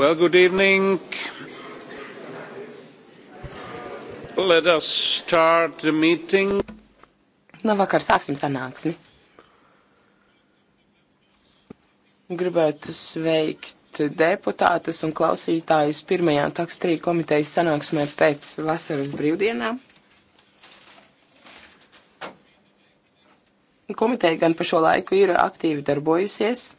Well, good evening. Let us start the meeting. Labvakar, nu, sāksim sanāksmi. Gribētu sveikt deputātus un klausītājus pirmajā takstrī komitejas sanāksmē pēc vasaras brīvdienām. Komiteja gan pa šo laiku ir aktīvi darbojusies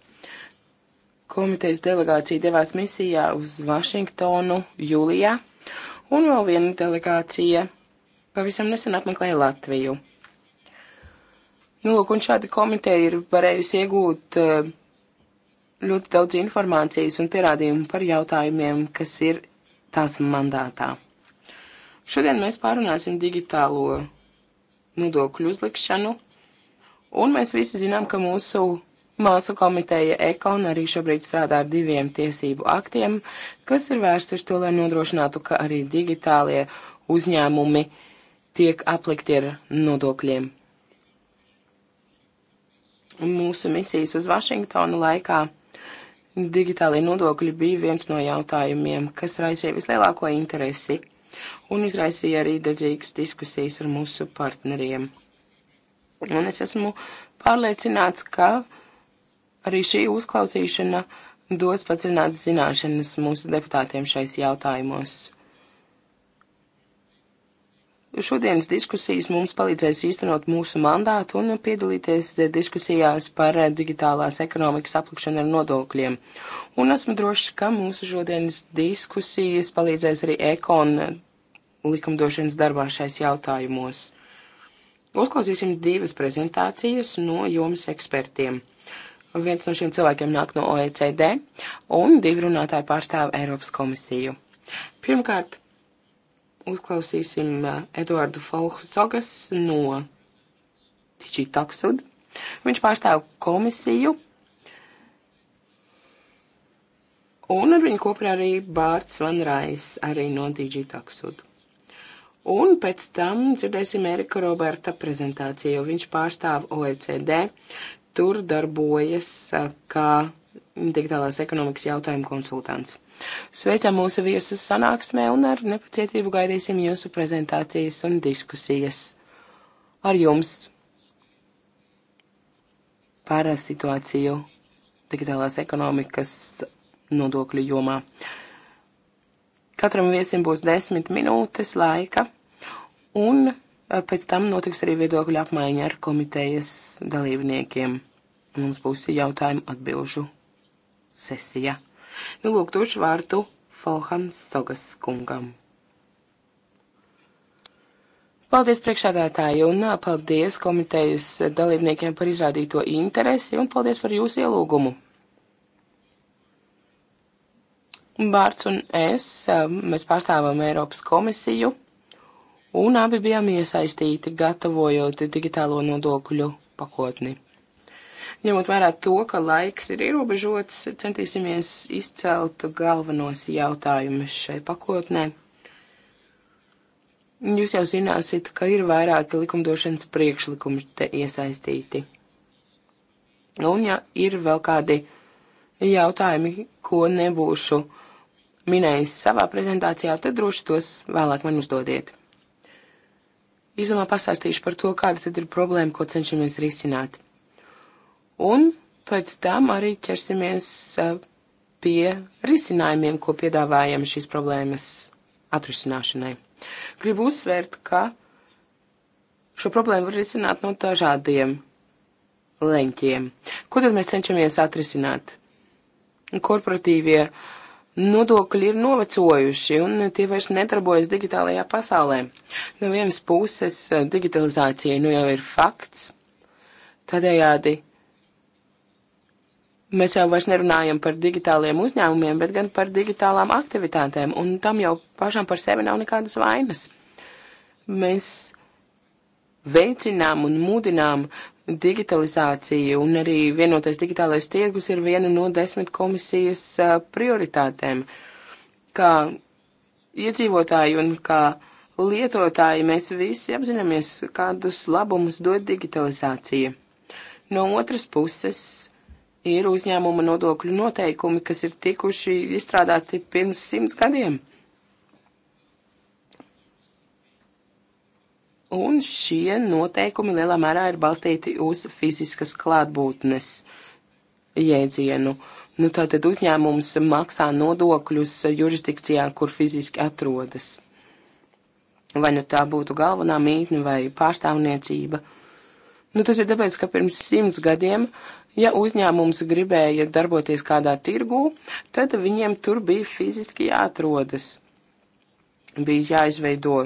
komitejas delegācija devās misijā uz Vašingtonu jūlijā, un vēl viena delegācija pavisam nesen apmeklēja Latviju. Nu, lūk, un šāda komiteja ir varējusi iegūt eh, ļoti daudz informācijas un pierādījumu par jautājumiem, kas ir tās mandātā. Šodien mēs pārunāsim digitālo nodokļu uzlikšanu, un mēs visi zinām, ka mūsu Māsu komiteja Ekon arī šobrīd strādā ar diviem tiesību aktiem, kas ir vērsti uz to, lai nodrošinātu, ka arī digitālie uzņēmumi tiek aplikti ar nodokļiem. Mūsu misijas uz Vašingtonu laikā digitālie nodokļi bija viens no jautājumiem, kas raisīja vislielāko interesi un izraisīja arī dedzīgas diskusijas ar mūsu partneriem. Un es esmu pārliecināts, ka Arī šī uzklausīšana dos pacināt zināšanas mūsu deputātiem šais jautājumos. Šodienas diskusijas mums palīdzēs īstenot mūsu mandātu un piedalīties diskusijās par eh, digitālās ekonomikas aplikšanu ar nodokļiem. Un esmu drošs, ka mūsu šodienas diskusijas palīdzēs arī ekon likumdošanas darbā šais jautājumos. Uzklausīsim divas prezentācijas no jomas ekspertiem. Viens no šiem cilvēkiem nāk no OECD, un divi runātāji pārstāv Eiropas komisiju. Pirmkārt, uzklausīsim uh, Eduardu Folhsogas no Tičī Taksud. Viņš pārstāv komisiju, un ar viņu kopā arī Bārts Vanrais, arī no Tičī Taksud. Un pēc tam dzirdēsim Erika Roberta prezentāciju. Viņš pārstāv OECD, tur darbojas kā digitālās ekonomikas jautājumu konsultants. Sveicam mūsu viesas sanāksmē un ar nepacietību gaidīsim jūsu prezentācijas un diskusijas ar jums par situāciju digitālās ekonomikas nodokļu jomā. Katram viesim būs desmit minūtes laika un Eh, pēc tam notiks arī viedokļu apmaiņa ar komitejas dalībniekiem. Mums būs jautājumu atbilžu sesija. Nu, lūk, došu vārdu Folhams Sogas kungam. Paldies priekšādātāji un eh, paldies komitejas dalībniekiem par izrādīto interesi un paldies par jūsu ielūgumu. Bārts un es, eh, mēs pārstāvam Eiropas komisiju un abi bijām iesaistīti, gatavojot digitālo nodokļu pakotni. Ņemot vērā to, ka laiks ir ierobežots, centīsimies izcelt galvenos jautājumus šai pakotnē. Jūs jau zināsiet, ka ir vairāki likumdošanas priekšlikumi te iesaistīti. Un ja ir vēl kādi jautājumi, ko nebūšu minējis savā prezentācijā, tad droši tos vēlāk man uzdodiet īsumā pastāstīšu par to, kāda tad ir problēma, ko cenšamies risināt. Un pēc tam arī ķersimies pie risinājumiem, ko piedāvājam šīs problēmas atrisināšanai. Gribu uzsvērt, ka šo problēmu var risināt no dažādiem leņķiem. Ko tad mēs cenšamies atrisināt? Korporatīvie uh, nodokļi ir novecojuši un tie vairs nedarbojas digitālajā pasaulē. No vienas puses digitalizācija nu jau ir fakts, tādējādi mēs jau vairs nerunājam par digitāliem uzņēmumiem, bet gan par digitālām aktivitātēm, un tam jau pašam par sevi nav nekādas vainas. Mēs veicinām un mudinām digitalizācija un arī vienotais digitālais tirgus ir viena no desmit komisijas prioritātēm. Kā iedzīvotāji un kā lietotāji mēs visi apzināmies, kādus labumus dod digitalizācija. No otras puses ir uzņēmuma nodokļu noteikumi, kas ir tikuši izstrādāti pirms simts gadiem. Un šie noteikumi lielā mērā ir balstīti uz fiziskas klātbūtnes jēdzienu. Nu, tātad uzņēmums maksā nodokļus jurisdikcijā, kur fiziski atrodas. Vai nu tā būtu galvenā mītne vai pārstāvniecība. Nu, tas ir tāpēc, ka pirms simts gadiem, ja uzņēmums gribēja darboties kādā tirgū, tad viņiem tur bija fiziski jāatrodas. Bija jāizveido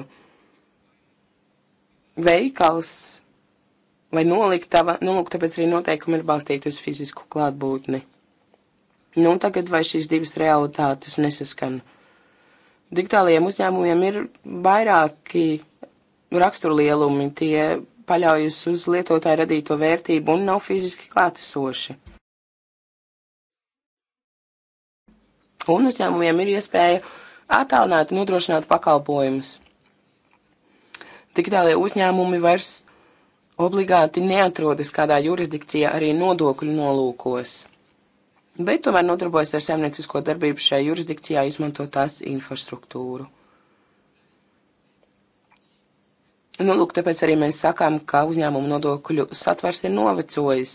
veikals vai noliktava, nu, lūk, tāpēc arī noteikumi ir balstīti uz fizisku klātbūtni. Nu, tagad vai šīs divas realitātes nesaskan? Digitālajiem uzņēmumiem ir vairāki raksturlielumi, tie paļaujas uz lietotāju radīto vērtību un nav fiziski klātesoši. Un uzņēmumiem ir iespēja attālināt, nodrošināt pakalpojumus digitālajie uzņēmumi vairs obligāti neatrodas kādā jurisdikcijā arī nodokļu nolūkos, bet tomēr nodarbojas ar saimniecisko darbību šajā jurisdikcijā, izmanto tās infrastruktūru. Nu, lūk, tāpēc arī mēs sakām, ka uzņēmumu nodokļu satvers ir novecojis.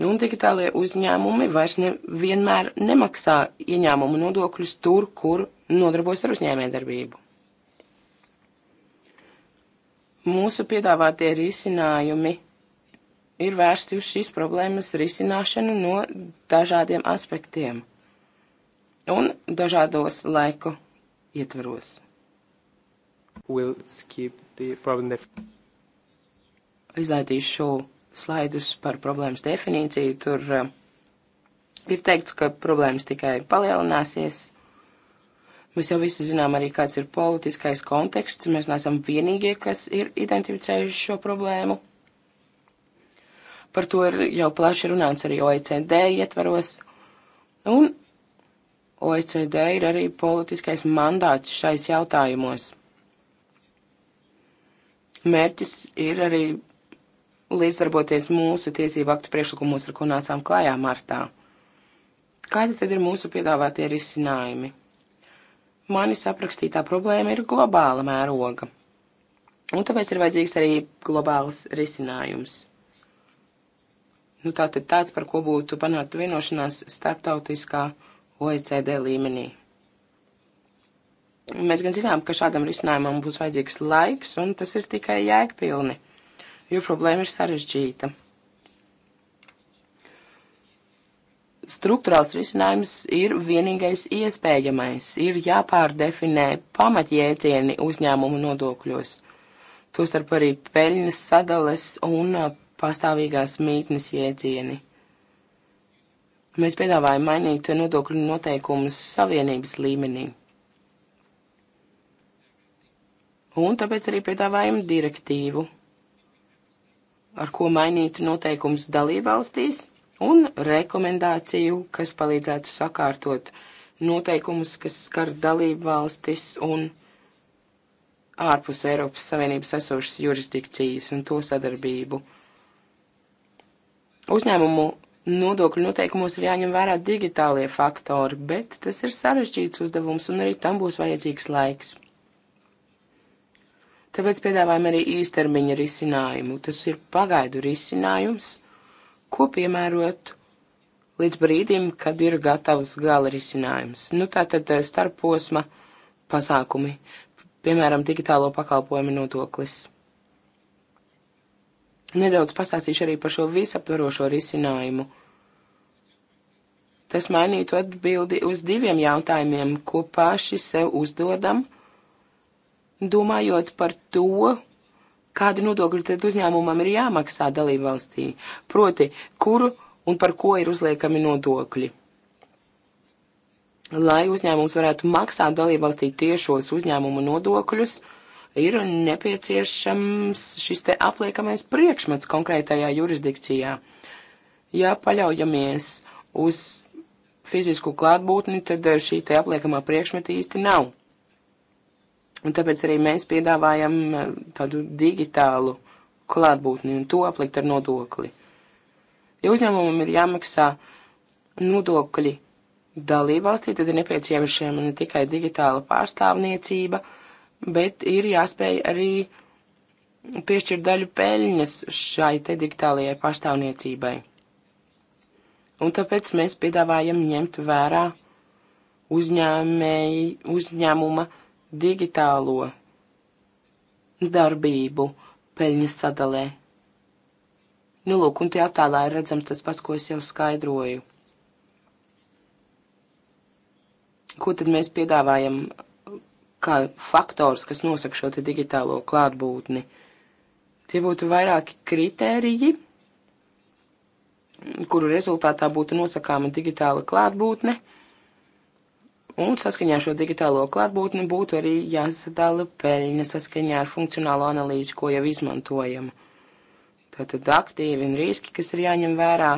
Nu, un digitālie uzņēmumi vairs ne, vienmēr nemaksā ieņēmumu nodokļus tur, kur nodarbojas ar uzņēmējdarbību. Mūsu piedāvātie risinājumi ir vērsti uz šīs problēmas risināšanu no dažādiem aspektiem un dažādos laiku ietvaros. We'll Izlaidīšu slaidus par problēmas definīciju. Tur eh, ir teikts, ka problēmas tikai palielināsies Mēs jau visi zinām arī, kāds ir politiskais konteksts. Mēs neesam vienīgie, kas ir identificējuši šo problēmu. Par to ir jau plaši runāts arī OECD ietvaros. Un OECD ir arī politiskais mandāts šais jautājumos. Mērķis ir arī līdzdarboties mūsu tiesību aktu priekšlikumos, ar ko nācām klājā martā. Kādi tad ir mūsu piedāvātie risinājumi? manis aprakstītā problēma ir globāla mēroga. Un tāpēc ir vajadzīgs arī globāls risinājums. Nu, tā tad tāds, par ko būtu panākta vienošanās starptautiskā OECD līmenī. Mēs gan zinām, ka šādam risinājumam būs vajadzīgs laiks, un tas ir tikai jēgpilni, jo problēma ir sarežģīta. struktūrāls risinājums ir vienīgais iespējamais. Ir jāpārdefinē pamatjēdzieni uzņēmumu nodokļos, tostarp arī peļņas sadales un uh, pastāvīgās mītnes jēdzieni. Mēs piedāvājam mainīt nodokļu noteikumus savienības līmenī. Un tāpēc arī piedāvājam direktīvu, ar ko mainītu noteikumus dalībvalstīs un rekomendāciju, kas palīdzētu sakārtot noteikumus, kas skar dalību valstis un ārpus Eiropas Savienības esošas jurisdikcijas un to sadarbību. Uzņēmumu nodokļu noteikumos ir jāņem vērā digitālie faktori, bet tas ir sarežģīts uzdevums un arī tam būs vajadzīgs laiks. Tāpēc piedāvājam arī īstermiņa risinājumu. Tas ir pagaidu risinājums – ko piemērot līdz brīdim, kad ir gatavs gala risinājums. Nu, tā tad eh, starposma pasākumi, piemēram, digitālo pakalpojumu nodoklis. Nedaudz pastāstīšu arī par šo visaptvarošo risinājumu. Tas mainītu atbildi uz diviem jautājumiem, ko paši sev uzdodam, domājot par to, kādi nodokļi tad uzņēmumam ir jāmaksā dalību valstī, proti, kuru un par ko ir uzliekami nodokļi. Lai uzņēmums varētu maksāt dalību valstī tiešos uzņēmumu nodokļus, ir nepieciešams šis te apliekamais priekšmets konkrētajā jurisdikcijā. Ja paļaujamies uz fizisku klātbūtni, tad šī te apliekamā priekšmeta īsti nav. Un tāpēc arī mēs piedāvājam eh, tādu digitālu klātbūtni un to aplikt ar nodokli. Ja uzņēmumam ir jāmaksā nodokļi dalībvalstī, tad ir nepieciešama ne tikai digitāla pārstāvniecība, bet ir jāspēj arī piešķirt daļu peļņas šai te digitālajai pārstāvniecībai. Un tāpēc mēs piedāvājam ņemt vērā uzņēmēji, uzņēmuma digitālo darbību peļņas sadalē. Nu, lūk, un tie attēlā ir redzams tas pats, ko es jau skaidroju. Ko tad mēs piedāvājam kā faktors, kas nosaka šo te digitālo klātbūtni? Tie būtu vairāki kritēriji, kuru rezultātā būtu nosakāma digitāla klātbūtne. Un saskaņā ar šo digitālo klātbūtni būtu arī jāsadala peļņa saskaņā ar funkcionālo analīzi, ko jau izmantojam. Tātad aktīvi un riski, kas ir jāņem vērā.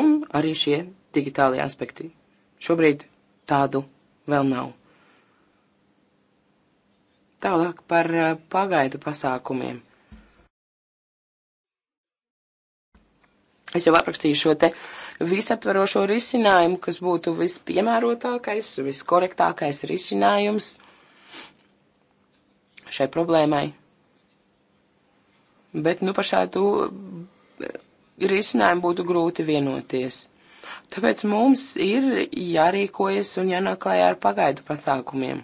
Un arī šie digitālie aspekti. Šobrīd tādu vēl nav. Tālāk par eh, pagaidu pasākumiem. Es jau aprakstīju šo te uh, visaptvarošo risinājumu, kas būtu vispiemērotākais, viskorektākais risinājums šai problēmai. Bet, nu, par šādu risinājumu būtu grūti vienoties. Tāpēc mums ir jārīkojas un jānāk klājā ar pagaidu pasākumiem.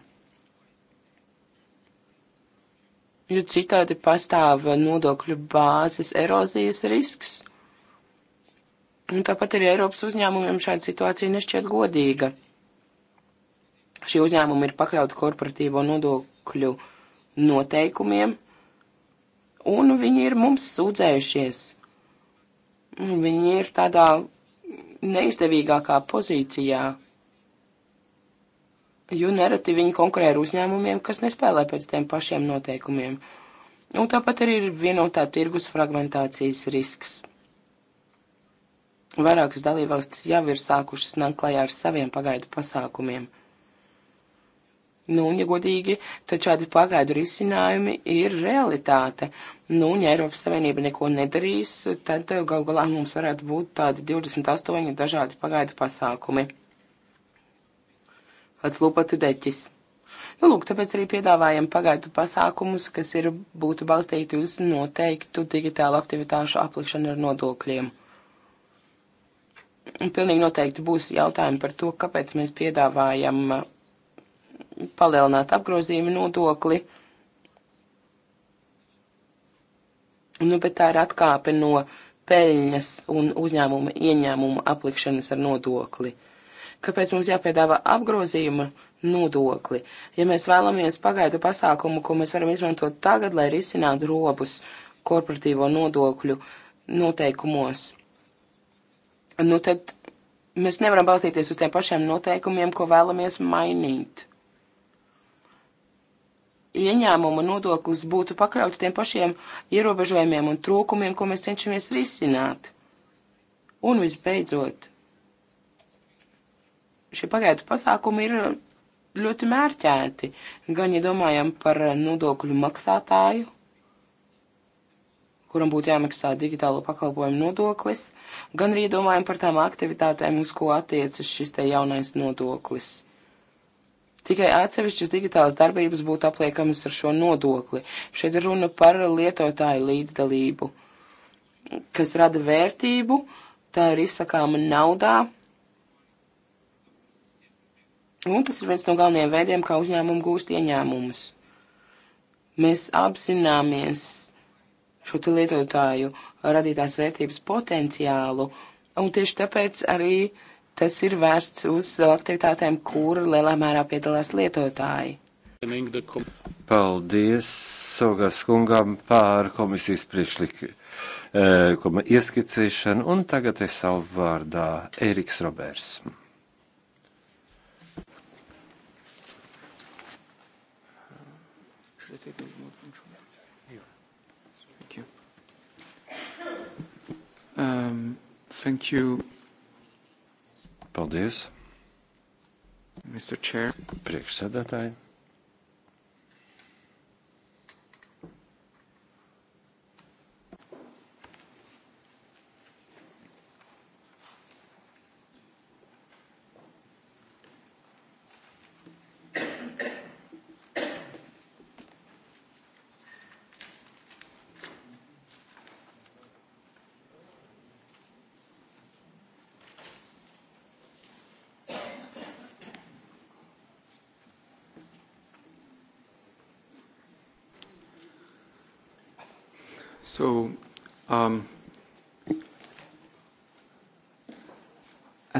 Jo citādi pastāv nodokļu bāzes erozijas risks. Un tāpat arī Eiropas uzņēmumiem šāda situācija nešķiet godīga. Šie uzņēmumi ir pakļauti korporatīvo nodokļu noteikumiem, un viņi ir mums sūdzējušies. Viņi ir tādā neizdevīgākā pozīcijā, jo nereti viņi konkurē ar uzņēmumiem, kas nespēlē pēc tiem pašiem noteikumiem. Un tāpat arī ir vienotā tirgus fragmentācijas risks. Vairākas dalībvalstis jau ir sākušas nākt klajā ar saviem pagaidu pasākumiem. Nu, un, ja godīgi, tad šādi pagaidu risinājumi ir realitāte. Nu, un, ja Eiropas Savienība neko nedarīs, tad gal galā mums varētu būt tādi 28 dažādi pagaidu pasākumi. Pats lupati deķis. Nu, lūk, tāpēc arī piedāvājam pagaidu pasākumus, kas ir būtu balstīti uz noteiktu digitālu aktivitāšu aplikšanu ar nodokļiem. Un pilnīgi noteikti būs jautājumi par to, kāpēc mēs piedāvājam uh, palielināt apgrozījumu nodokli. Nu, bet tā ir atkāpe no peļņas un uzņēmuma ieņēmuma aplikšanas ar nodokli. Kāpēc mums jāpiedāvā apgrozījuma nodokli. Ja mēs vēlamies pagaidu pasākumu, ko mēs varam izmantot tagad, lai risinātu robus korporatīvo nodokļu noteikumos, nu tad mēs nevaram balstīties uz tiem pašiem noteikumiem, ko vēlamies mainīt. Ieņēmuma nodoklis būtu pakļauts tiem pašiem ierobežojumiem un trūkumiem, ko mēs cenšamies risināt. Un visbeidzot, šie pagaidu pasākumi ir ļoti mērķēti, gan ja domājam par nodokļu maksātāju, kuram būtu jāmaksā digitālo pakalpojumu nodoklis, gan arī domājam par tām aktivitātēm, uz ko attiecas šis te jaunais nodoklis. Tikai atsevišķas digitālas darbības būtu apliekamas ar šo nodokli. Šeit runa par lietotāju līdzdalību, kas rada vērtību, tā ir izsakāma naudā. Un tas ir viens no galvenajiem veidiem, kā uzņēmumu gūst ieņēmumus. Mēs apzināmies šo lietotāju radītās vērtības potenciālu, un tieši tāpēc arī tas ir vērsts uz aktivitātēm, kur lielā mērā piedalās lietotāji. Paldies Saugas kungam pār komisijas priekšlikumu eh, ieskicēšanu, un tagad es savu vārdā Eriks Roberts. Um, thank you. Paldies. Mr. Chair. Priekšsēdētāji.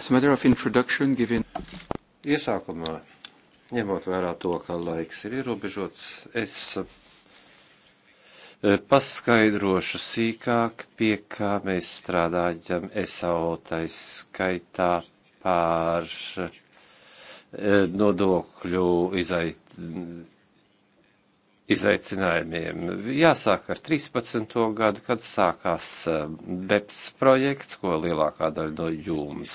As a matter of introduction, given... Iesākumā, ņemot vērā to, ka laiks ir ierobežots, es eh, paskaidrošu sīkāk, pie kā mēs strādājam SAO taiskaitā pār eh, nodokļu izai, izaicinājumiem. Jāsāk ar 13. gadu, kad sākās eh, BEPS projekts, ko lielākā daļa no jums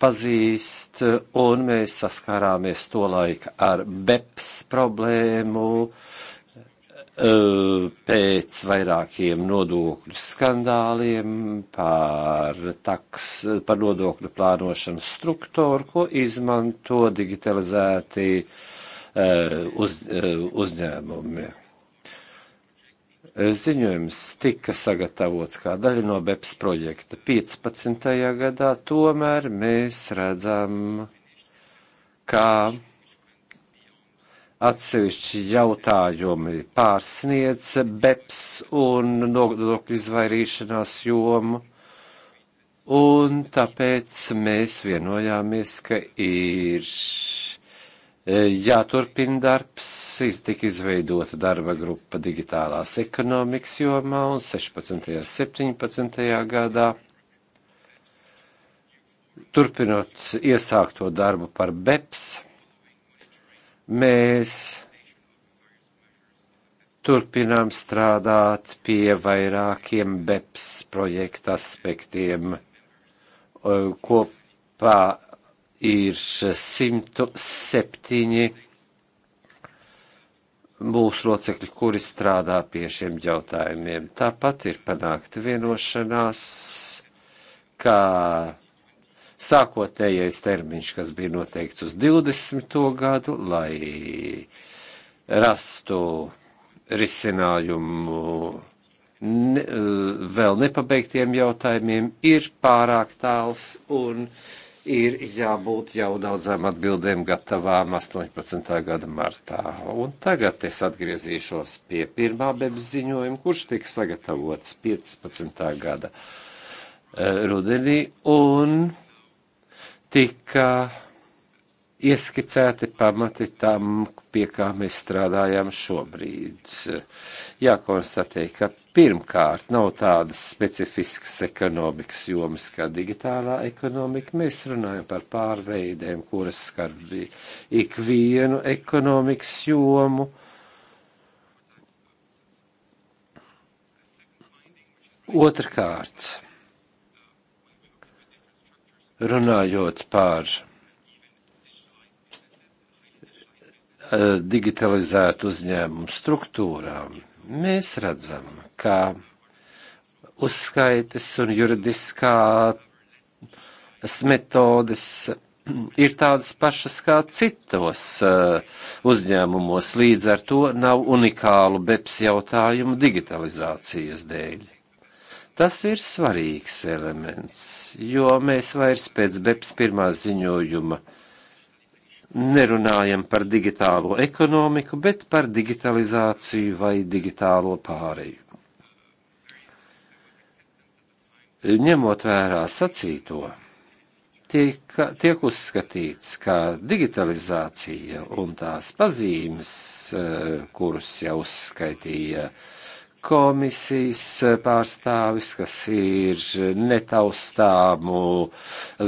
pazīst, un mēs saskārāmies to laika ar BEPS problēmu eh, pēc vairākiem nodokļu skandāliem par, taks, par nodokļu plānošanas struktūru, ko izmanto digitalizētī uh, Uh, uz, uh, uzņēmumi. Uh, ziņojums tika sagatavots kā daļa no BEPS projekta 15. gadā, tomēr mēs redzam, kā atsevišķi jautājumi pārsniedz BEPS un nodokļu izvairīšanās jomu, un tāpēc mēs vienojāmies, ka ir E, jāturpina darbs, tika izveidota darba grupa digitālās ekonomikas jomā un 16. un 17. gadā. Turpinot iesākto darbu par BEPS, mēs turpinām strādāt pie vairākiem BEPS projekta aspektiem kopā ir 107 mūsu locekļi, kuri strādā pie šiem jautājumiem. Tāpat ir panākta vienošanās, ka sākotnējais termiņš, kas bija noteikts uz 20. gadu, lai rastu risinājumu ne, eh, vēl nepabeigtiem jautājumiem, ir pārāk tāls un uh, ir jābūt jau daudzām atbildēm gatavām 18. gada martā. Un tagad es atgriezīšos pie pirmā bebs ziņojuma, kurš tika sagatavots 15. gada e, rudenī un tika ieskicēti pamati tam, pie kā mēs strādājam šobrīd jākonstatē, ka pirmkārt nav tādas specifiskas ekonomikas jomas kā digitālā ekonomika. Mēs runājam par pārveidēm, kuras skar ikvienu ekonomikas jomu. Otrkārt, runājot par eh, digitalizētu uzņēmumu struktūrām, Mēs redzam, ka uzskaites un juridiskā metodes ir tādas pašas kā citos uh, uzņēmumos, līdz ar to nav unikālu BEPS jautājumu digitalizācijas dēļ. Tas ir svarīgs elements, jo mēs vairs pēc BEPS pirmā ziņojuma uh, nerunājam par digitālo ekonomiku, bet par digitalizāciju vai digitālo pāreju. Ņemot vērā sacīto, tiek, tiek uzskatīts, ka digitalizācija un tās pazīmes, eh, kurus jau uzskaitīja uh, komisijas pārstāvis, kas ir netaustāmu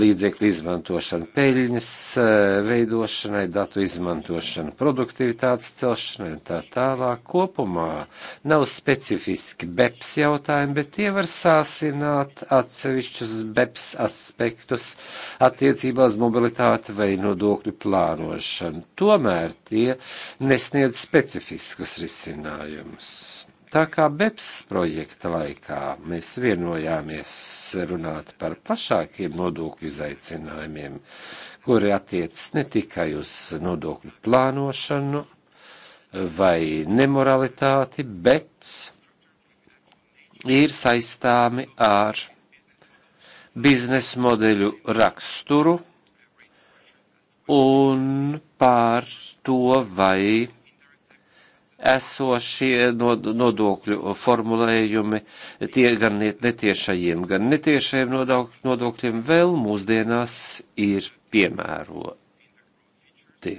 līdzekļu izmantošana peļņas eh, veidošanai, datu izmantošana produktivitātes celšanai un tā tālāk. Kopumā nav specifiski BEPS jautājumi, bet tie var sāsināt atsevišķus BEPS aspektus attiecībā uz mobilitāti vai nodokļu plānošanu. Tomēr tie nesniedz specifiskus risinājumus. Tā kā BEPS projekta laikā mēs vienojāmies runāt par plašākiem nodokļu izaicinājumiem, kuri attiec ne tikai uz nodokļu plānošanu vai nemoralitāti, bet ir saistāmi ar biznesa modeļu raksturu un par to, vai esošie nodokļu formulējumi, tie gan netiešajiem, gan netiešajiem nodokļiem vēl mūsdienās ir piemēroti.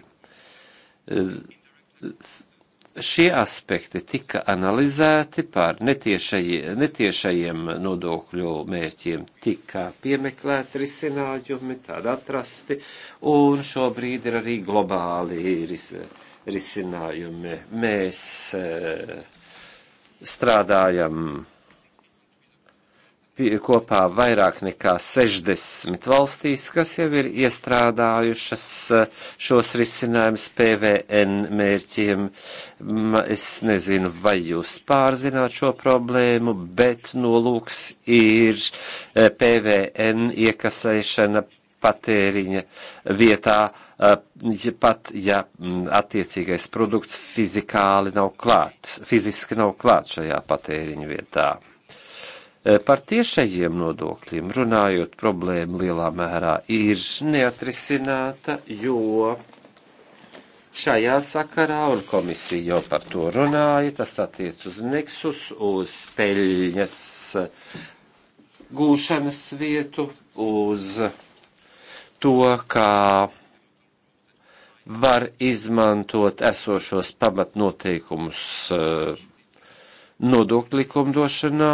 Šie aspekti tika analizēti par netiešajiem, netiešajiem nodokļu mērķiem, tika piemeklēti risinājumi, tādi atrasti, un šobrīd ir arī globāli risinājumi risinājumi. Mēs eh, strādājam kopā vairāk nekā 60 valstīs, kas jau ir iestrādājušas eh, šos risinājumus PVN mērķiem. Es nezinu, vai jūs pārzināt šo problēmu, bet nolūks ir eh, PVN iekasēšana patēriņa vietā, eh, pat ja mm, attiecīgais produkts fizikāli nav klāts, fiziski nav klāts šajā patēriņa vietā. Eh, par tiešajiem nodokļiem runājot, problēma lielā mērā ir neatrisināta, jo šajā sakarā, un komisija jau par to runāja, tas attiec uz neksus, uz peļņas gūšanas vietu, uz uh, to, kā var izmantot esošos pamatnoteikumus eh, nodokļu likumdošanā.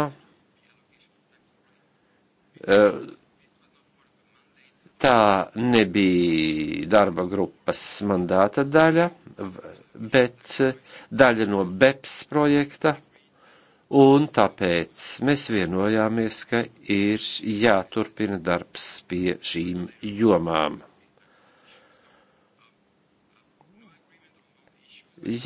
Eh, tā nebija darba grupas mandāta daļa, bet eh, daļa no BEPS projekta Un tāpēc mēs vienojāmies, ka ir jāturpina darbs pie šīm jomām.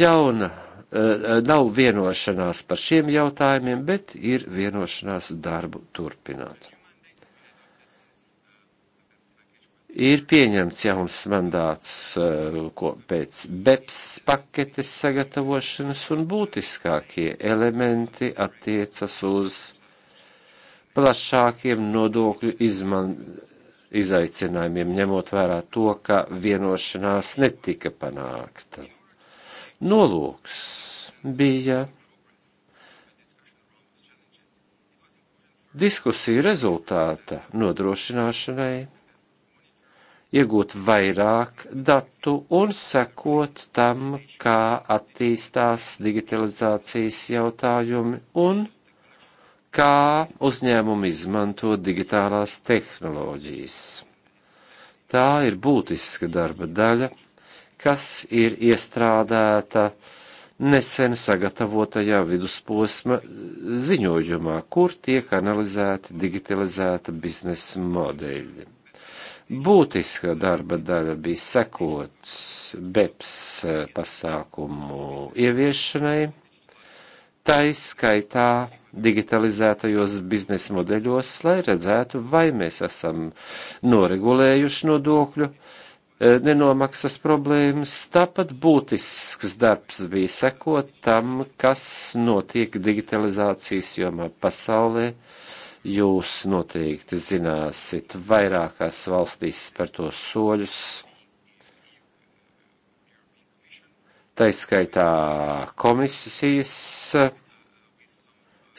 Jauna eh, eh, nav vienošanās par šiem jautājumiem, bet ir vienošanās darbu turpināt. ir pieņemts jauns mandāts eh, ko, pēc BEPS paketes sagatavošanas, un būtiskākie elementi attiecas uz plašākiem nodokļu izman, izaicinājumiem, ņemot vērā to, ka vienošanās netika panākta. Nolūks bija diskusiju rezultāta nodrošināšanai iegūt vairāk datu un sekot tam, kā attīstās digitalizācijas jautājumi un kā uzņēmumi izmanto digitālās tehnoloģijas. Tā ir būtiska darba daļa, kas ir iestrādēta nesen sagatavotajā vidusposma ziņojumā, kur tiek analizēti digitalizēta biznesa modeļi. Būtiska darba daļa bija sekot BEPS eh, pasākumu ieviešanai, taiskaitā digitalizētajos biznesa modeļos, lai redzētu, vai mēs esam noregulējuši nodokļu eh, nenomaksas problēmas. Tāpat būtisks darbs bija sekot tam, kas notiek digitalizācijas jomā pasaulē, uh, Jūs noteikti zināsit vairākās valstīs par to soļus. Taiskaitā komisijas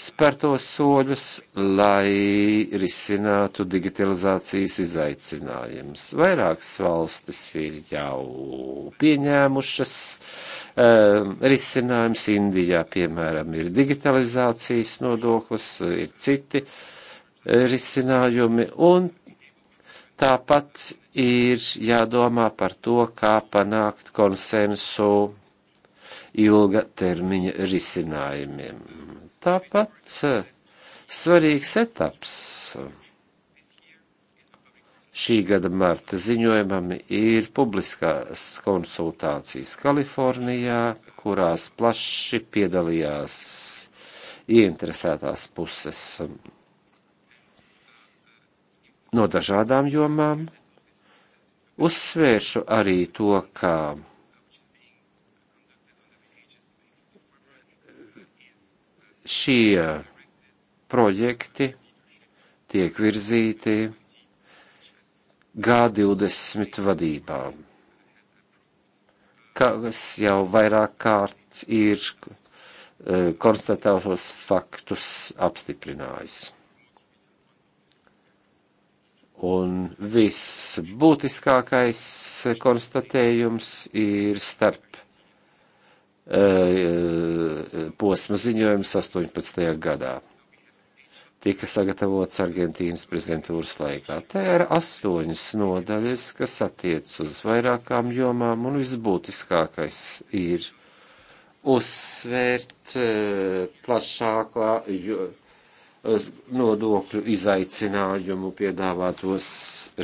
spērtos soļus, lai risinātu digitalizācijas izaicinājumus. Vairākas valstis ir jau pieņēmušas um, risinājumus. Indijā, piemēram, ir digitalizācijas nodoklis, ir citi uh, risinājumi, un tāpat ir jādomā par to, kā panākt konsensu ilga termiņa risinājumiem. Tāpat eh, svarīgs etaps šī gada marta ziņojumam ir publiskās konsultācijas Kalifornijā, kurās plaši piedalījās ieinteresētās puses no dažādām jomām. Uzsvēršu arī to, ka šie projekti tiek virzīti G20 vadībām, kas jau vairāk kārt ir eh, konstatētos faktus apstiprinājis. Un viss būtiskākais konstatējums ir starp uh, posma ziņojums 18. gadā. Tika sagatavots Argentīnas prezidentūras laikā. Te ir astoņas nodaļas, kas attiec uz vairākām jomām, un visbūtiskākais ir uzsvērt uh, plašākā jomā nodokļu izaicinājumu piedāvātos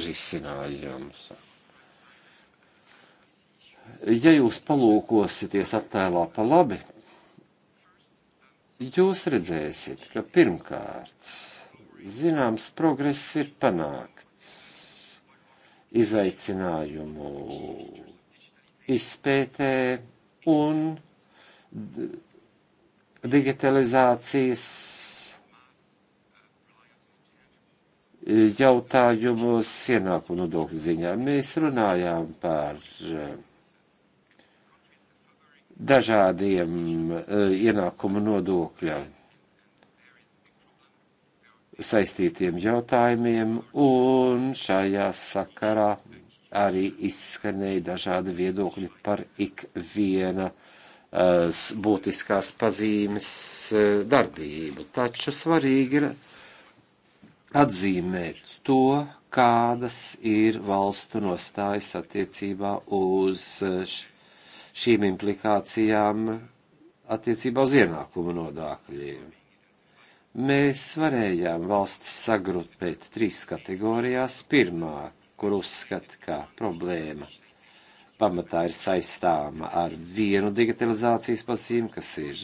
risinājumus. Ja jūs palūkosieties attēlā pa labi, jūs redzēsiet, ka pirmkārt, zināms, progress ir panākts izaicinājumu izpētē un digitalizācijas E, jautājumos ienākumu nodokļu ziņā. Mēs runājām par e, dažādiem e, ienākumu nodokļa saistītiem jautājumiem, un šajā sakarā arī izskanēja dažādi viedokļi par ikviena būtiskās pazīmes darbību. Taču svarīgi ir atzīmēt to, kādas ir valstu nostājas attiecībā uz eh, šīm implikācijām attiecībā uz ienākumu nodokļiem. Mēs varējām valstis sagrupēt trīs kategorijās. Pirmā, kur uzskata, ka problēma pamatā ir saistāma ar vienu digitalizācijas pazīmi, kas ir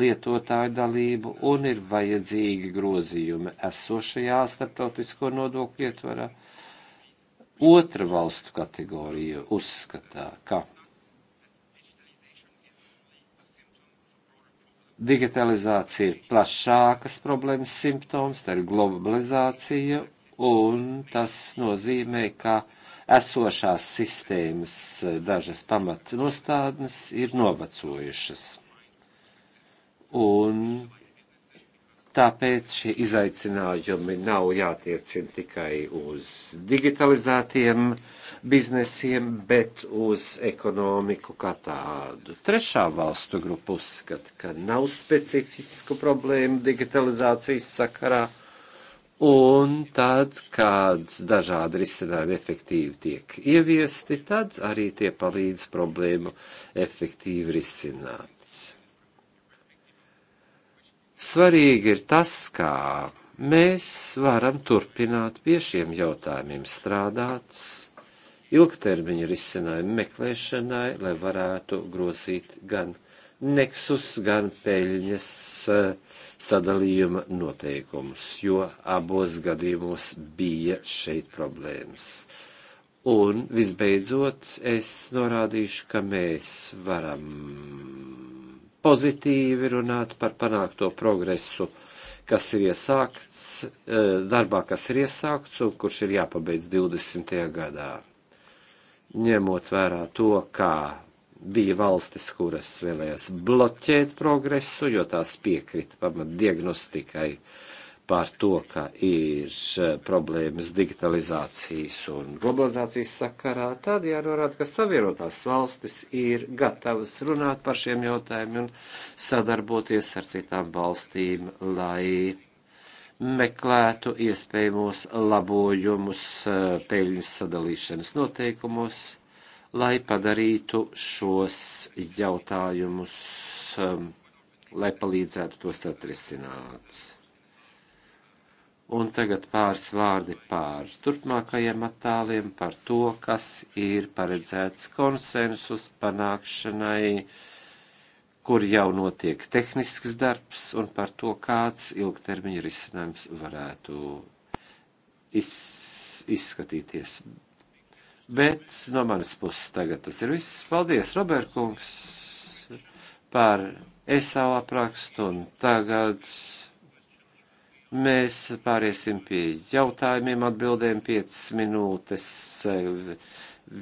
lietotāju dalību, un ir vajadzīgi grozījumi esošajā starptautisko nodokļu ietvarā. Otra valstu kategorija uzskatā, ka digitalizācija ir plašākas problēmas simptoms, tā ir globalizācija, un tas nozīmē, ka esošās sistēmas eh, dažas pamatnostādnes ir novecojušas. Un Tāpēc šie izaicinājumi nav jātiecina tikai uz digitalizētiem biznesiem, bet uz ekonomiku kā tādu. Trešā valstu grupa uzskata, ka nav specifisku problēmu digitalizācijas sakarā Un tad, kad dažādi risinājumi efektīvi tiek ieviesti, tad arī tie palīdz problēmu efektīvi risināt. Svarīgi ir tas, kā mēs varam turpināt pie šiem jautājumiem strādāt, ilgtermiņa risinājumu meklēšanai, lai varētu grozīt gan neksus gan peļņas eh, sadalījuma noteikumus, jo abos gadījumos bija šeit problēmas. Un visbeidzot, es norādīšu, ka mēs varam pozitīvi runāt par panākto progresu, kas ir iesākts, eh, darbā, kas ir iesākts un kurš ir jāpabeidz 20. gadā. Ņemot vērā to, kā bija valstis, kuras vēlējās bloķēt progresu, jo tās piekrita pamatdiagnostikai par to, ka ir eh, problēmas digitalizācijas un globalizācijas sakarā, tad jānorāda, ka savienotās valstis ir gatavas runāt par šiem jautājumiem un sadarboties ar citām valstīm, lai meklētu iespējamos labojumus eh, peļņas sadalīšanas noteikumos lai padarītu šos jautājumus, um, lai palīdzētu tos atrisināt. Un tagad pāris vārdi pār turpmākajiem attāliem par to, kas ir paredzēts konsensus panākšanai kur jau notiek tehnisks darbs, un par to, kāds ilgtermiņa risinājums varētu iz, izskatīties. Bet no manas puses tagad tas ir viss. Paldies, Roberkungs, par esālu aprakstu un tagad. Mēs pāriesim pie jautājumiem, atbildēm 5 minūtes eh,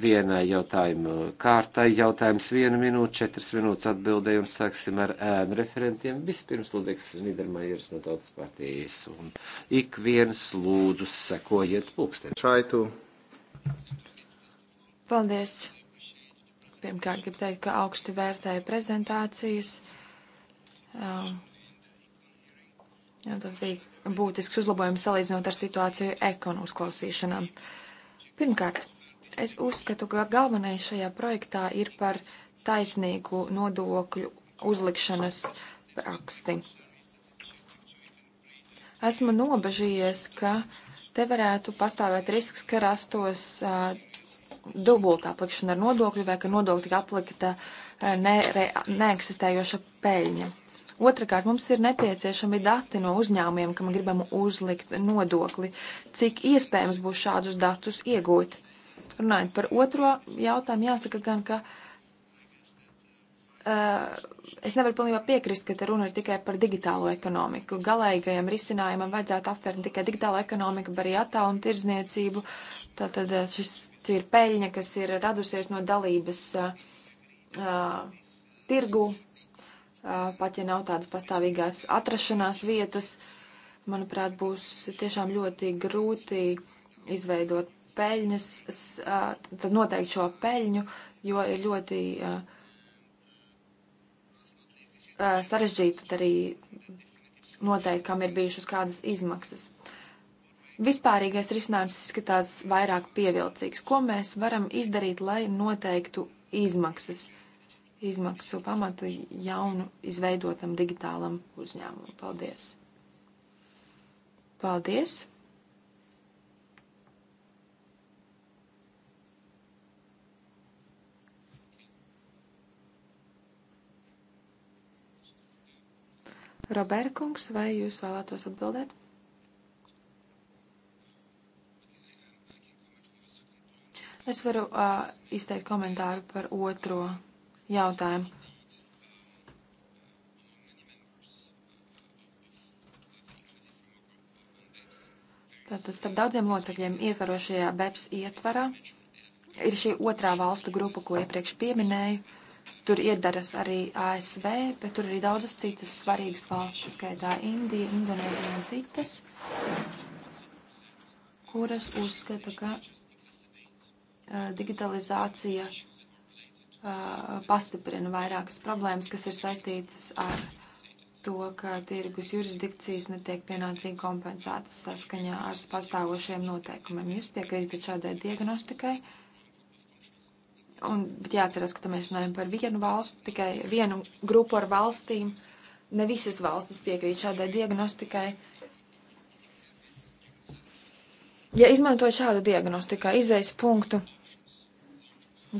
vienai jautājumu kārtai. Jautājums 1 minūte, 4 minūtes atbildējumu sāksim ar ēnu referentiem. Vispirms Ludeks Nidermajers no Tautas partijas un ik viens lūdzu sekojiet pulksteni. Šaitu. Paldies! Pirmkārt, gribu teikt, ka augsti vērtēju prezentācijas. Um, tas bija būtisks uzlabojums salīdzinot ar situāciju ekonu uzklausīšanām. Pirmkārt, es uzskatu, ka galvenais šajā projektā ir par taisnīgu nodokļu uzlikšanas praksti. Esmu nobežījies, ka te varētu pastāvēt risks, ka rastos uh, dubulta aplikšana ar nodokļu vai ka nodokļi tika aplikta eh, ne, re, neeksistējoša peļņa. Otrakārt, mums ir nepieciešami dati no uzņēmumiem, kam gribam uzlikt nodokli. Cik iespējams būs šādus datus iegūt? Runājot par otro jautājumu, jāsaka gan, ka uh, es nevaru pilnībā piekrist, ka te runa ir tikai par digitālo ekonomiku. Galīgajam risinājumam vajadzētu aptvert ne tikai digitālo ekonomiku, bet arī attēlu un tirdzniecību. Tātad eh, šis ir peļņa, kas ir radusies no dalības uh, tirgu, uh, pat ja nav tādas pastāvīgās atrašanās vietas, manuprāt, būs tiešām ļoti grūti izveidot peļņas, uh, tad noteikti šo peļņu, jo ir ļoti uh, uh, sarežģīti arī noteikt, kam ir bijušas kādas izmaksas. Uh, Vispārīgais risinājums izskatās vairāk pievilcīgs. Ko mēs varam izdarīt, lai noteiktu izmaksas, izmaksu pamatu jaunu izveidotam digitālam uzņēmumam? Paldies! Paldies! Roberkungs, vai jūs vēlētos atbildēt? Es varu uh, izteikt komentāru par otro jautājumu. Tātad starp daudziem locekļiem ietvarošajā BEPS ietvarā ir šī otrā valstu grupa, ko iepriekš pieminēju. Tur iedaras arī ASV, bet tur arī daudzas citas svarīgas valstis, skaitā Indija, Indonēzija un citas, kuras uzskata, ka Eh, digitalizācija eh, pastiprina vairākas problēmas, kas ir saistītas ar to, ka tirgus jurisdikcijas netiek pienācīgi kompensētas saskaņā ar pastāvošiem noteikumiem. Jūs piekrītat šādai diagnostikai? Un, bet jāatcerās, ka mēs runājam par vienu valstu, tikai vienu grupu ar valstīm. Ne visas valstis piekrīt šādai diagnostikai. Ja izmantojat šādu diagnostiku, izējas punktu,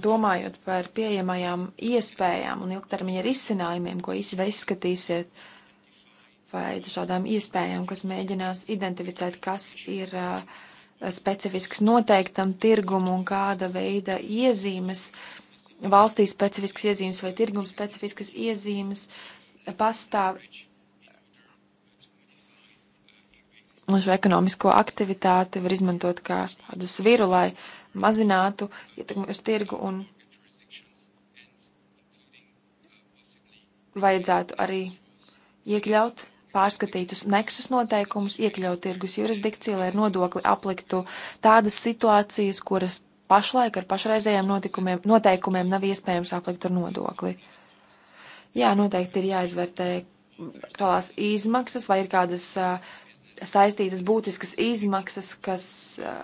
domājot par pieejamajām iespējām un ilgtermiņa risinājumiem, ko izskatīsiet, vai dažādām iespējām, kas mēģinās identificēt, kas ir uh, specifisks noteiktam tirgumu un kāda veida iezīmes, valstī specifiskas iezīmes vai tirguma specifiskas iezīmes pastāv un šo ekonomisko aktivitāti var izmantot kā tādu sviru, lai mazinātu ietekmi uz tirgu un vajadzētu arī iekļaut pārskatītus neksus noteikumus, iekļaut tirgus jurisdikciju, lai ar nodokli apliktu tādas situācijas, kuras pašlaik ar pašreizējiem noteikumiem nav iespējams aplikt ar nodokli. Jā, noteikti ir jāizvērtē aktuālās izmaksas vai ir kādas uh, saistītas būtiskas izmaksas, kas uh,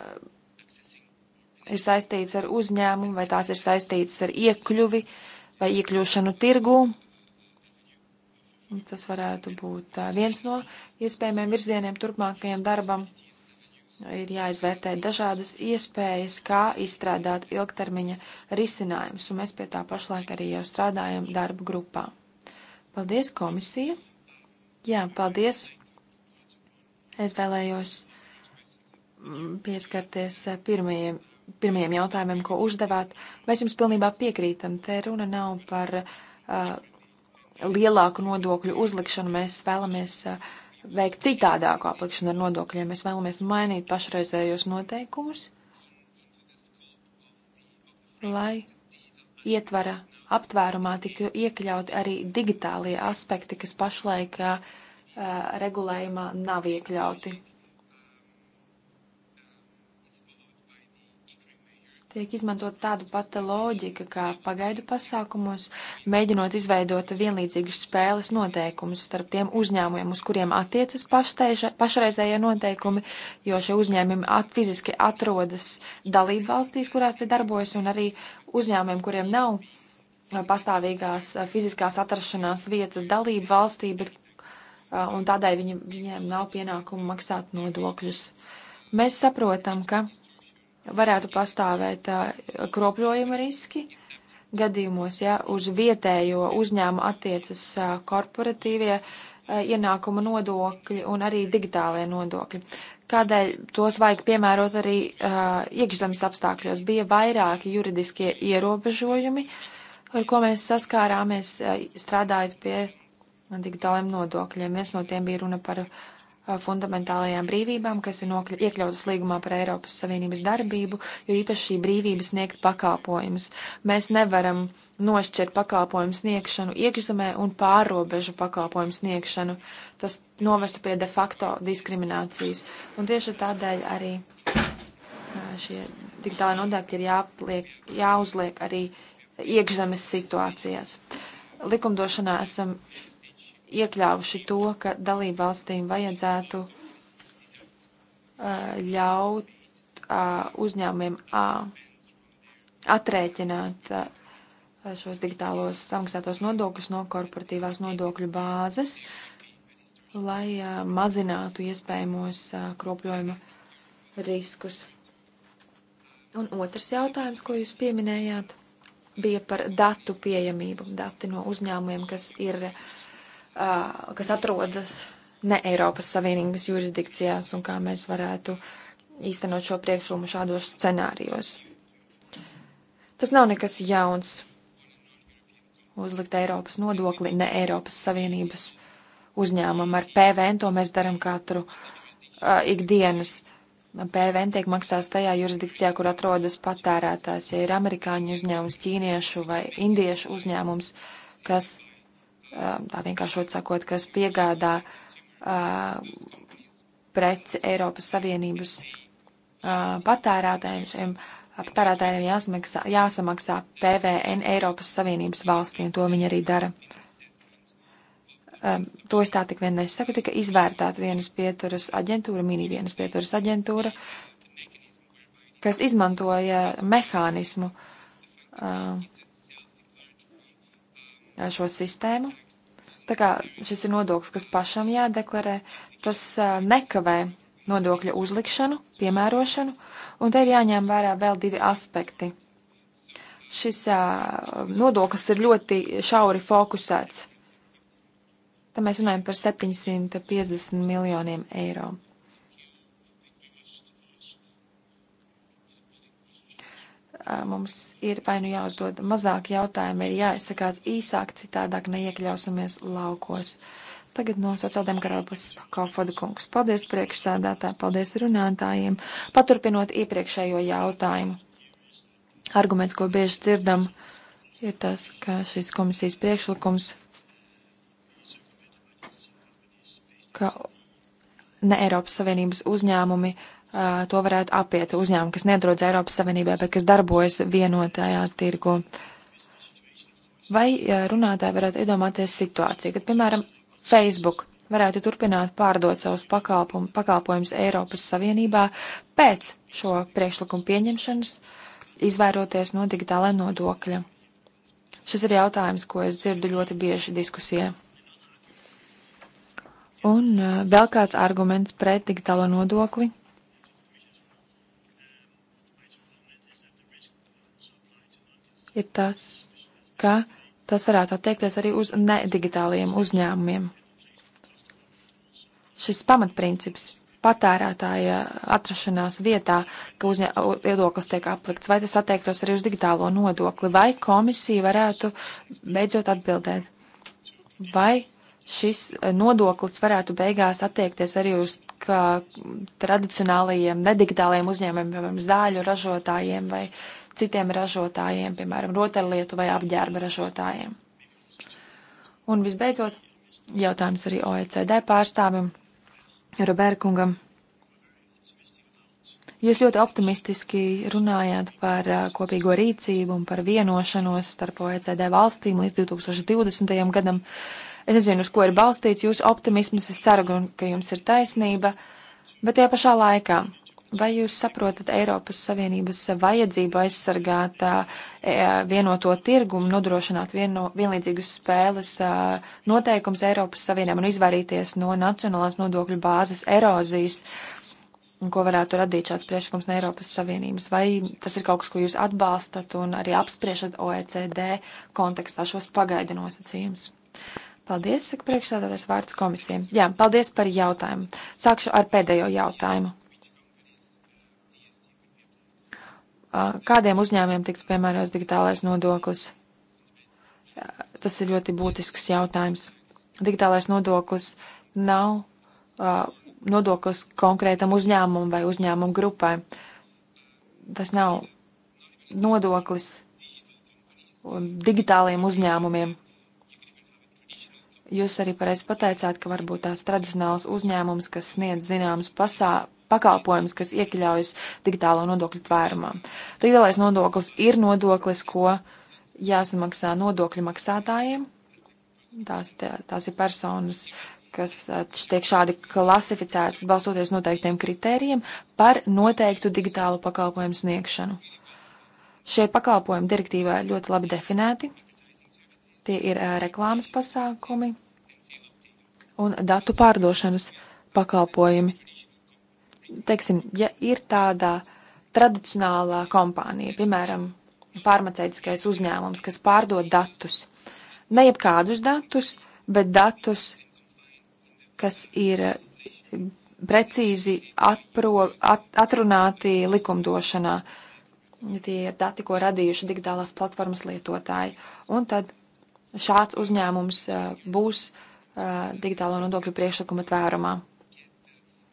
ir saistītas ar uzņēmumu, vai tās ir saistītas ar iekļuvi vai iekļūšanu tirgū. Un tas varētu būt viens no iespējamiem virzieniem turpmākajam darbam. Ir jāizvērtē dažādas iespējas, kā izstrādāt ilgtermiņa risinājumus, un mēs pie tā pašlaik arī jau strādājam darba grupā. Paldies, komisija! Jā, paldies! Es vēlējos mm, pieskarties pirmajiem pirmajiem jautājumiem, ko uzdevāt. Mēs jums pilnībā piekrītam. Te runa nav par uh, lielāku nodokļu uzlikšanu. Mēs vēlamies uh, veikt citādāku aplikšanu ar nodokļiem. Mēs vēlamies mainīt pašreizējos noteikumus, lai ietvara aptvērumā tika iekļauti arī digitālie aspekti, kas pašlaik uh, regulējumā nav iekļauti. tiek izmantot tāda pati loģika, kā pagaidu pasākumos, mēģinot izveidot vienlīdzīgus spēles noteikumus starp tiem uzņēmumiem, uz kuriem attiecas pašteiša, pašreizējie noteikumi, jo šie uzņēmumi at, fiziski atrodas dalību valstīs, kurās te darbojas, un arī uzņēmumiem, kuriem nav pastāvīgās fiziskās atrašanās vietas dalību valstī, bet, un tādēļ viņi, viņiem nav pienākumu maksāt nodokļus. Mēs saprotam, ka varētu pastāvēt kropļojuma riski gadījumos, ja uz vietējo uzņēmu attiecas korporatīvie ienākuma nodokļi un arī digitālie nodokļi. Kādēļ tos vajag piemērot arī iekšzemes apstākļos? Bija vairāki juridiskie ierobežojumi, ar ko mēs saskārāmies strādājot pie digitāliem nodokļiem. Viens no tiem bija runa par uh, fundamentālajām brīvībām, kas ir nokļu, iekļautas līgumā par Eiropas Savienības darbību, jo īpaši šī brīvība sniegt pakalpojumus. Mēs nevaram nošķirt pakalpojumu sniegšanu iekšzemē un pārobežu pakalpojumu sniegšanu. Tas novestu pie de facto diskriminācijas. Un tieši tādēļ arī šie digitālai nodokļi ir jāpliek, jāuzliek arī iekšzemes situācijās. Likumdošanā esam iekļāvuši to, ka dalību valstīm vajadzētu ļaut uzņēmumiem atrēķināt šos digitālos samaksātos nodokļus no korporatīvās nodokļu bāzes, lai mazinātu iespējamos kropļojuma riskus. Un otrs jautājums, ko jūs pieminējāt, bija par datu pieejamību. Dati no uzņēmumiem, kas ir uh, kas atrodas ne Eiropas Savienības jurisdikcijās un kā mēs varētu īstenot šo priekšlikumu šādos scenārijos. Tas nav nekas jauns. Uzlikt Eiropas nodokli ne Eiropas Savienības uzņēmumam ar PVN, to mēs darām katru uh, ikdienas. PVN tiek maksās tajā jurisdikcijā, kur atrodas patērētājs, ja ir amerikāņu uzņēmums, ķīniešu vai indiešu uzņēmums, kas tā vienkāršot sakot, kas piegādā preci Eiropas Savienības patērētājiem. Šiem patērētājiem jāsmaksā, jāsamaksā PVN Eiropas Savienības valstī, un to viņi arī dara. Um, to es tā tik vien nesaku, tika izvērtēta vienas pieturas aģentūra, mini vienas pieturas aģentūra, kas izmantoja mehānismu, um, šo sistēmu. Tā kā šis ir nodoklis, kas pašam jādeklarē, tas nekavē nodokļa uzlikšanu, piemērošanu, un te ir jāņem vērā vēl divi aspekti. Šis nodoklis ir ļoti šauri fokusēts. Te mēs runājam par 750 miljoniem eiro. mums ir vai nu jāuzdod mazāk jautājumu, ir jāizsakās īsāk, citādāk neiekļausimies laukos. Tagad no sociāldemokrātas Kaufoda kungs. Paldies priekšsēdētāji, paldies runātājiem. Paturpinot iepriekšējo jautājumu. Arguments, ko bieži dzirdam, ir tas, ka šis komisijas priekšlikums, ka ne Eiropas Savienības uzņēmumi uh, to varētu apiet uzņēmumi, kas neatrodas Eiropas Savienībā, bet kas darbojas vienotajā tirgu. Vai runātāji varētu iedomāties situāciju, kad, piemēram, Facebook varētu turpināt pārdot savus pakalpojumus Eiropas Savienībā pēc šo priekšlikumu pieņemšanas, izvairoties no digitālā nodokļa? Šis ir jautājums, ko es dzirdu ļoti bieži diskusijā. Un vēl kāds arguments pret digitālo nodokli ir tas, ka tas varētu attiekties arī uz nedigitāliem uzņēmumiem. Šis pamatprincips patērētāja atrašanās vietā, ka uzņē, viedoklis tiek aplikts, vai tas attiektos arī uz digitālo nodokli, vai komisija varētu beidzot atbildēt, vai šis e, nodoklis varētu beigās attiekties arī uz tradicionālajiem nedigitālajiem uzņēmumiem, piemēram, zāļu ražotājiem vai uh, citiem ražotājiem, piemēram, rotaļlietu vai apģērba ražotājiem. Un visbeidzot, jautājums arī OECD pārstāvim Roberkungam. Jūs ļoti optimistiski runājāt par uh, kopīgo rīcību un par vienošanos starp OECD valstīm līdz 2020. gadam. Es nezinu, uz ko ir balstīts jūsu optimisms, es ceru, ka jums ir taisnība, bet tajā pašā laikā Vai jūs saprotat Eiropas Savienības vajadzību aizsargāt e, vienoto tirgumu, nodrošināt vieno, vienlīdzīgus spēles noteikums Eiropas Savienībām un izvairīties no nacionālās nodokļu bāzes erozijas, ko varētu radīt šāds priekšlikums no Eiropas Savienības? Vai tas ir kaut kas, ko jūs atbalstat un arī apspriešat OECD kontekstā šos pagaidu nosacījumus? Paldies, saka priekšstādātais vārds komisijai. Jā, paldies par jautājumu. Sākšu ar pēdējo jautājumu. kādiem uzņēmiem tiktu piemērots digitālais nodoklis. Tas ir ļoti būtisks jautājums. Digitālais nodoklis nav nodoklis konkrētam uzņēmumam vai uzņēmumu grupai. Tas nav nodoklis digitāliem uzņēmumiem. Jūs arī pareizi pateicāt, ka varbūt tās tradicionāls uzņēmums, kas sniedz zināmas pasā, pakalpojumus, kas iekļaujas digitālo nodokļu tvērumā. Digitālais nodoklis ir nodoklis, ko jāsamaksā nodokļu maksātājiem. Tās, tās ir personas, kas tiek šādi klasificētas balsoties noteiktiem kritērijiem par noteiktu digitālu pakalpojumu sniegšanu. Šie pakalpojumi direktīvā ir ļoti labi definēti. Tie ir reklāmas pasākumi un datu pārdošanas pakalpojumi teiksim, ja ir tāda tradicionālā kompānija, piemēram, farmaceitiskais uzņēmums, kas pārdod datus, ne jebkādus datus, bet datus, kas ir eh, precīzi atpro, at, atrunāti likumdošanā. Tie ir dati, ko radījuši digitālās platformas lietotāji. Un tad šāds uzņēmums eh, būs eh, digitālo nodokļu priekšlikuma tvērumā.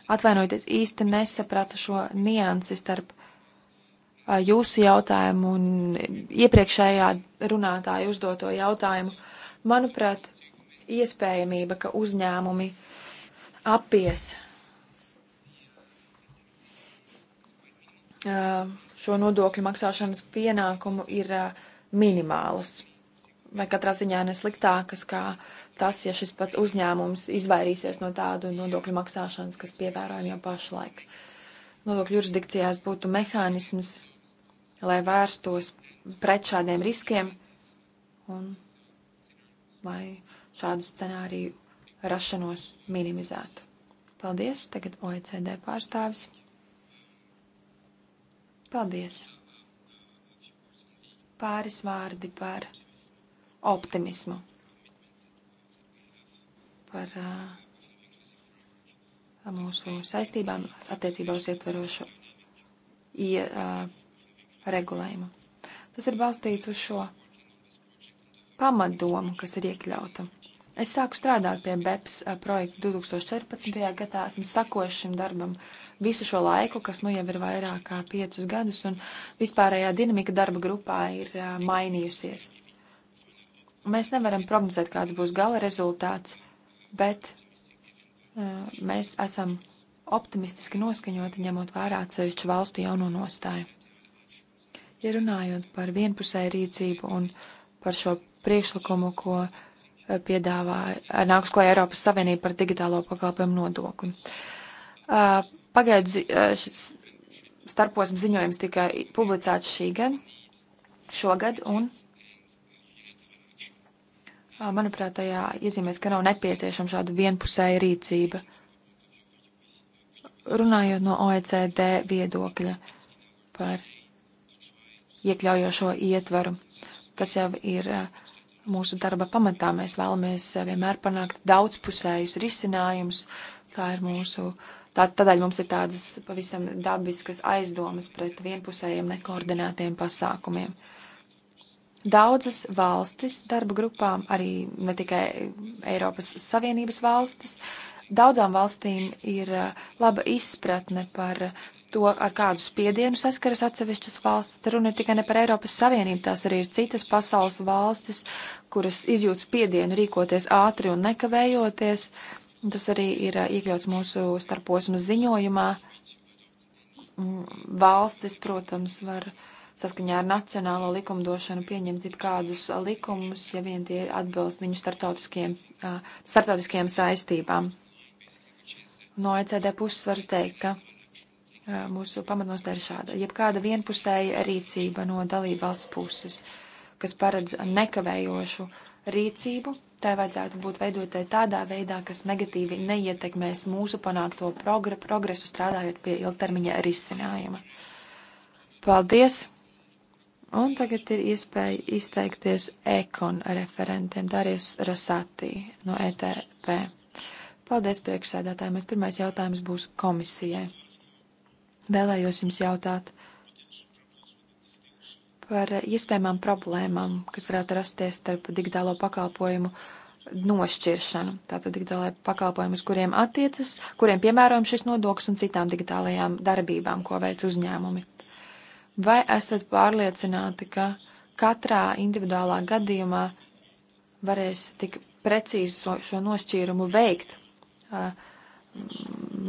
Atvainojieties, īsti nesapratu šo niansi starp jūsu jautājumu un iepriekšējā runātāja uzdoto jautājumu. Manuprāt, iespējamība, ka uzņēmumi apies šo nodokļu maksāšanas pienākumu, ir minimālas vai katrā ziņā nesliktākas kā tas, ja šis pats uzņēmums izvairīsies no tādu nodokļu maksāšanas, kas pievērojam jau pašlaik. Nodokļu jurisdikcijās būtu mehānisms, lai vērstos pret šādiem riskiem un lai šādu scenāriju rašanos minimizētu. Paldies, tagad OECD pārstāvis. Paldies. Pāris vārdi par optimismu par uh, mūsu saistībām attiecībā uz ietverošu ie, uh, regulējumu. Tas ir balstīts uz šo pamatdomu, kas ir iekļauta. Es sāku strādāt pie BEPS uh, projekta 2014. gadā, esmu sakojuši šim darbam visu šo laiku, kas nu jau ir vairāk kā piecus gadus, un vispārējā dinamika darba grupā ir uh, mainījusies. Mēs nevaram prognozēt, kāds būs gala rezultāts, bet uh, mēs esam optimistiski noskaņoti, ņemot vērā atsevišķu valstu jauno nostāju. Ja runājot par vienpusēju rīcību un par šo priekšlikumu, ko piedāvā nāks klajā Eiropas Savienība par digitālo pakalpojumu nodokli. Uh, Pagaidu šis starposms ziņojums tika publicēts šī gada, šogad, un Manuprāt, tajā iezīmēs, ka nav nepieciešama šāda vienpusēja rīcība. Runājot no OECD viedokļa par iekļaujošo ietvaru, tas jau ir mūsu darba pamatā. Mēs vēlamies vienmēr panākt daudzpusējus risinājumus. Tā ir mūsu, tā, tādēļ mums ir tādas pavisam dabiskas aizdomas pret vienpusējiem nekoordinētiem pasākumiem. Uh, Daudzas valstis darba grupām, arī ne tikai Eiropas Savienības valstis, daudzām valstīm ir eh, laba izpratne par to, ar kādu spiedienu saskaras atsevišķas valstis. Te runa ir tikai ne par Eiropas Savienību, tās arī ir citas pasaules valstis, kuras izjūt spiedienu rīkoties ātri un nekavējoties. Tas arī ir eh, iekļauts mūsu starposmas ziņojumā. Mm, valstis, protams, var uh, saskaņā ar nacionālo likumdošanu pieņemt kādus likumus, ja vien tie atbilst viņu starptautiskajiem, starptautiskajiem saistībām. No ECD puses varu teikt, ka mūsu pamatnostē ir šāda. Jebkāda vienpusēja rīcība no dalību valsts puses, kas paredz nekavējošu rīcību, tai vajadzētu būt veidotai tādā veidā, kas negatīvi neietekmēs mūsu panākto progresu strādājot pie ilgtermiņa risinājuma. Paldies! Un tagad ir iespēja izteikties ekon referentiem Darijas Rosati no ETP. Paldies priekšsēdētājiem. Mans pirmais jautājums būs komisijai. Vēlējos jums jautāt par iespējamām problēmām, kas varētu rasties starp digitālo pakalpojumu nošķiršanu. Tātad digitālajiem pakalpojumiem, uz kuriem attiecas, kuriem piemērojam šis nodoklis un citām digitālajām darbībām, ko veic uzņēmumi. Vai esat pārliecināti, ka katrā individuālā gadījumā varēs tik precīzi šo, šo nošķīrumu veikt, a,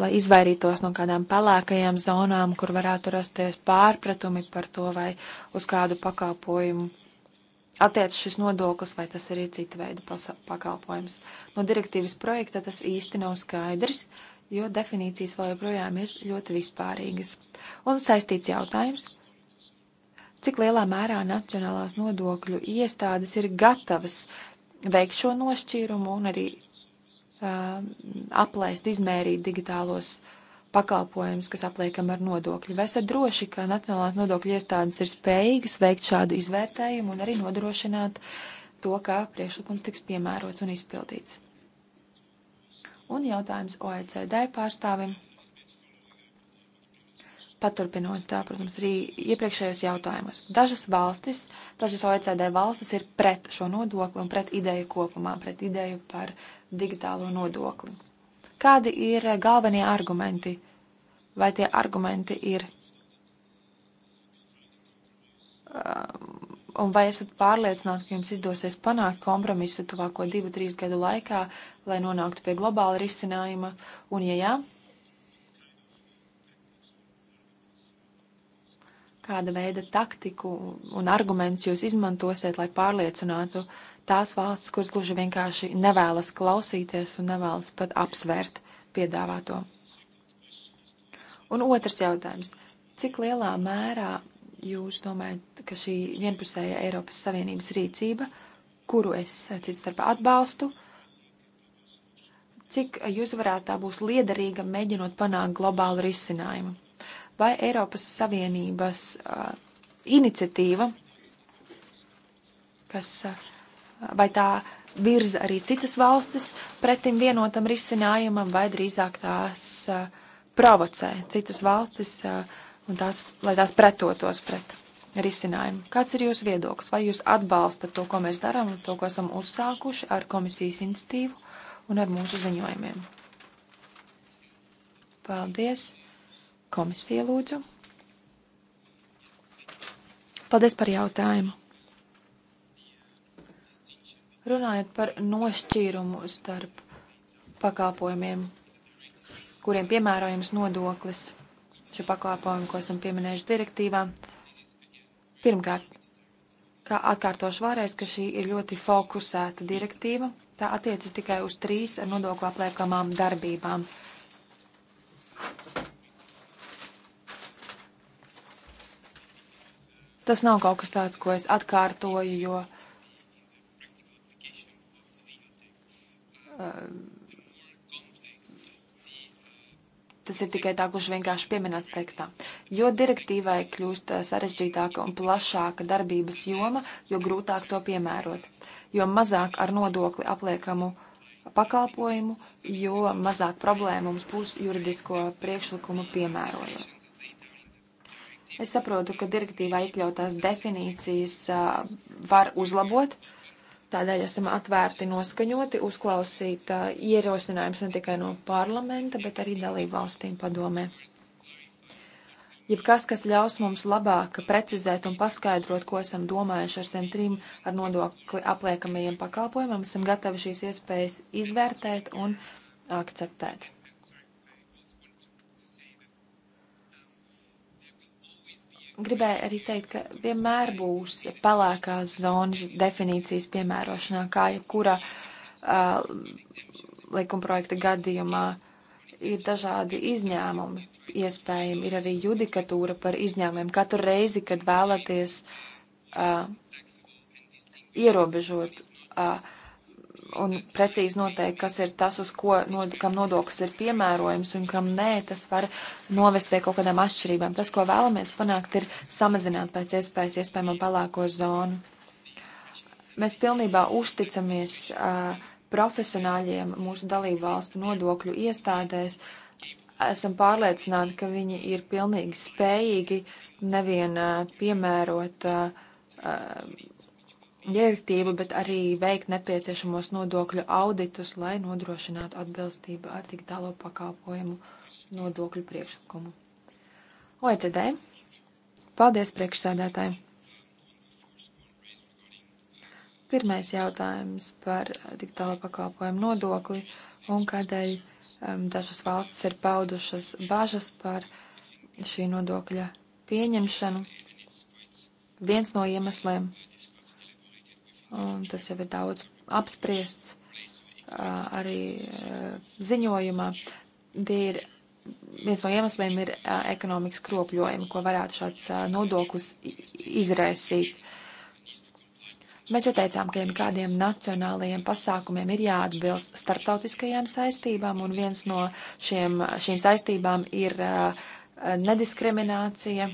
lai izvairītos no kādām pelēkajām zonām, kur varētu rasties pārpratumi par to, vai uz kādu pakalpojumu attiec šis nodoklis, vai tas ir cita veida pakalpojums. No direktīvas projekta tas īsti nav skaidrs, jo definīcijas vēl joprojām ir ļoti vispārīgas. Un saistīts jautājums cik lielā mērā nacionālās nodokļu iestādes ir gatavas veikt šo nošķīrumu un arī uh, um, aplēst, izmērīt digitālos pakalpojumus, kas apliekam ar nodokļu. Vai esat droši, ka nacionālās nodokļu iestādes ir spējīgas veikt šādu izvērtējumu un arī nodrošināt to, kā priekšlikums tiks piemērots un izpildīts? Un jautājums OECD pārstāvim. Paturpinot, protams, arī iepriekšējos jautājumus. Dažas valstis, dažas OECD valstis ir pret šo nodokli un pret ideju kopumā, pret ideju par digitālo nodokli. Kādi ir galvenie argumenti? Vai tie argumenti ir? Um, un vai esat pārliecināti, ka jums izdosies panākt kompromisu tuvāko divu, trīs gadu laikā, lai nonāktu pie globāla risinājuma? Un, ja jā, kāda veida taktiku un argumentus jūs izmantosiet, lai pārliecinātu tās valsts, kuras gluži vienkārši nevēlas klausīties un nevēlas pat apsvērt piedāvāto. Un otrs jautājums. Cik lielā mērā jūs domājat, ka šī vienpusēja Eiropas Savienības rīcība, kuru es cits starpā atbalstu, cik jūs varētu tā būs liederīga mēģinot panākt globālu risinājumu? vai Eiropas Savienības uh, iniciatīva, kas uh, vai tā virza arī citas valstis pretim vienotam risinājumam, vai drīzāk tās uh, provocē citas valstis, uh, un tās, lai tās pretotos pret risinājumu. Kāds ir jūsu viedoklis? Vai jūs atbalstat to, ko mēs darām, to, ko esam uzsākuši ar komisijas institīvu un ar mūsu ziņojumiem? Paldies! Komisija lūdzu. Paldies par jautājumu. Runājot par nošķīrumu starp pakalpojumiem, kuriem piemērojams nodoklis, šo pakalpojumu, ko esam pieminējuši direktīvā, pirmkārt, kā atkārtošu vēlreiz, ka šī ir ļoti fokusēta direktīva, tā attiecas tikai uz trīs ar nodoklu apliekamām darbībām. Tas nav kaut kas tāds, ko es atkārtoju, jo. Uh, tas ir tikai tā, kurš vienkārši pieminēts tekstā. Jo direktīvai kļūst uh, sarežģītāka un plašāka darbības joma, jo grūtāk to piemērot. Jo mazāk ar nodokli apliekamu pakalpojumu, jo mazāk problēmu mums būs juridisko priekšlikumu piemērojot. Es saprotu, ka direktīvā iekļautās definīcijas var uzlabot, tādēļ esam atvērti noskaņoti uzklausīt ierosinājums ne tikai no parlamenta, bet arī dalību valstīm padomē. Jebkas, kas ļaus mums labāk precizēt un paskaidrot, ko esam domājuši ar šiem trim ar nodokli apliekamajiem pakalpojumiem, esam gatavi šīs iespējas izvērtēt un akceptēt. gribēju arī teikt, ka vienmēr būs pelēkās zonas definīcijas piemērošanā, kā jebkura uh, likumprojekta gadījumā ir dažādi izņēmumi iespējami, ir arī judikatūra par izņēmumiem. Katru reizi, kad vēlaties uh, ierobežot uh, un precīzi noteikt, kas ir tas, uz ko, no, kam nodoklis ir piemērojams un kam nē, tas var novest pie kaut kādām atšķirībām. Tas, ko vēlamies panākt, ir samazināt pēc iespējas iespējamo pelēko zonu. Mēs pilnībā uzticamies uh, profesionāļiem mūsu dalību valstu nodokļu iestādēs. Esam pārliecināti, ka viņi ir pilnīgi spējīgi nevien uh, piemērot uh, uh, direktīvu, bet arī veikt nepieciešamos nodokļu auditus, lai nodrošinātu atbilstību ar digitālo pakāpojumu nodokļu priekšlikumu. OECD. Paldies priekšsēdētāji. Pirmais jautājums par digitālo pakāpojumu nodokli un kādēļ um, dažas valstis ir paudušas bažas par šī nodokļa pieņemšanu. Viens no iemesliem un tas jau ir daudz apspriests arī ziņojumā. Tie ir viens no iemesliem ir ekonomikas kropļojumi, ko varētu šāds nodoklis izraisīt. Mēs jau teicām, ka jebkādiem nacionālajiem pasākumiem ir jāatbilst starptautiskajām saistībām, un viens no šiem, šīm saistībām ir uh, nediskriminācija,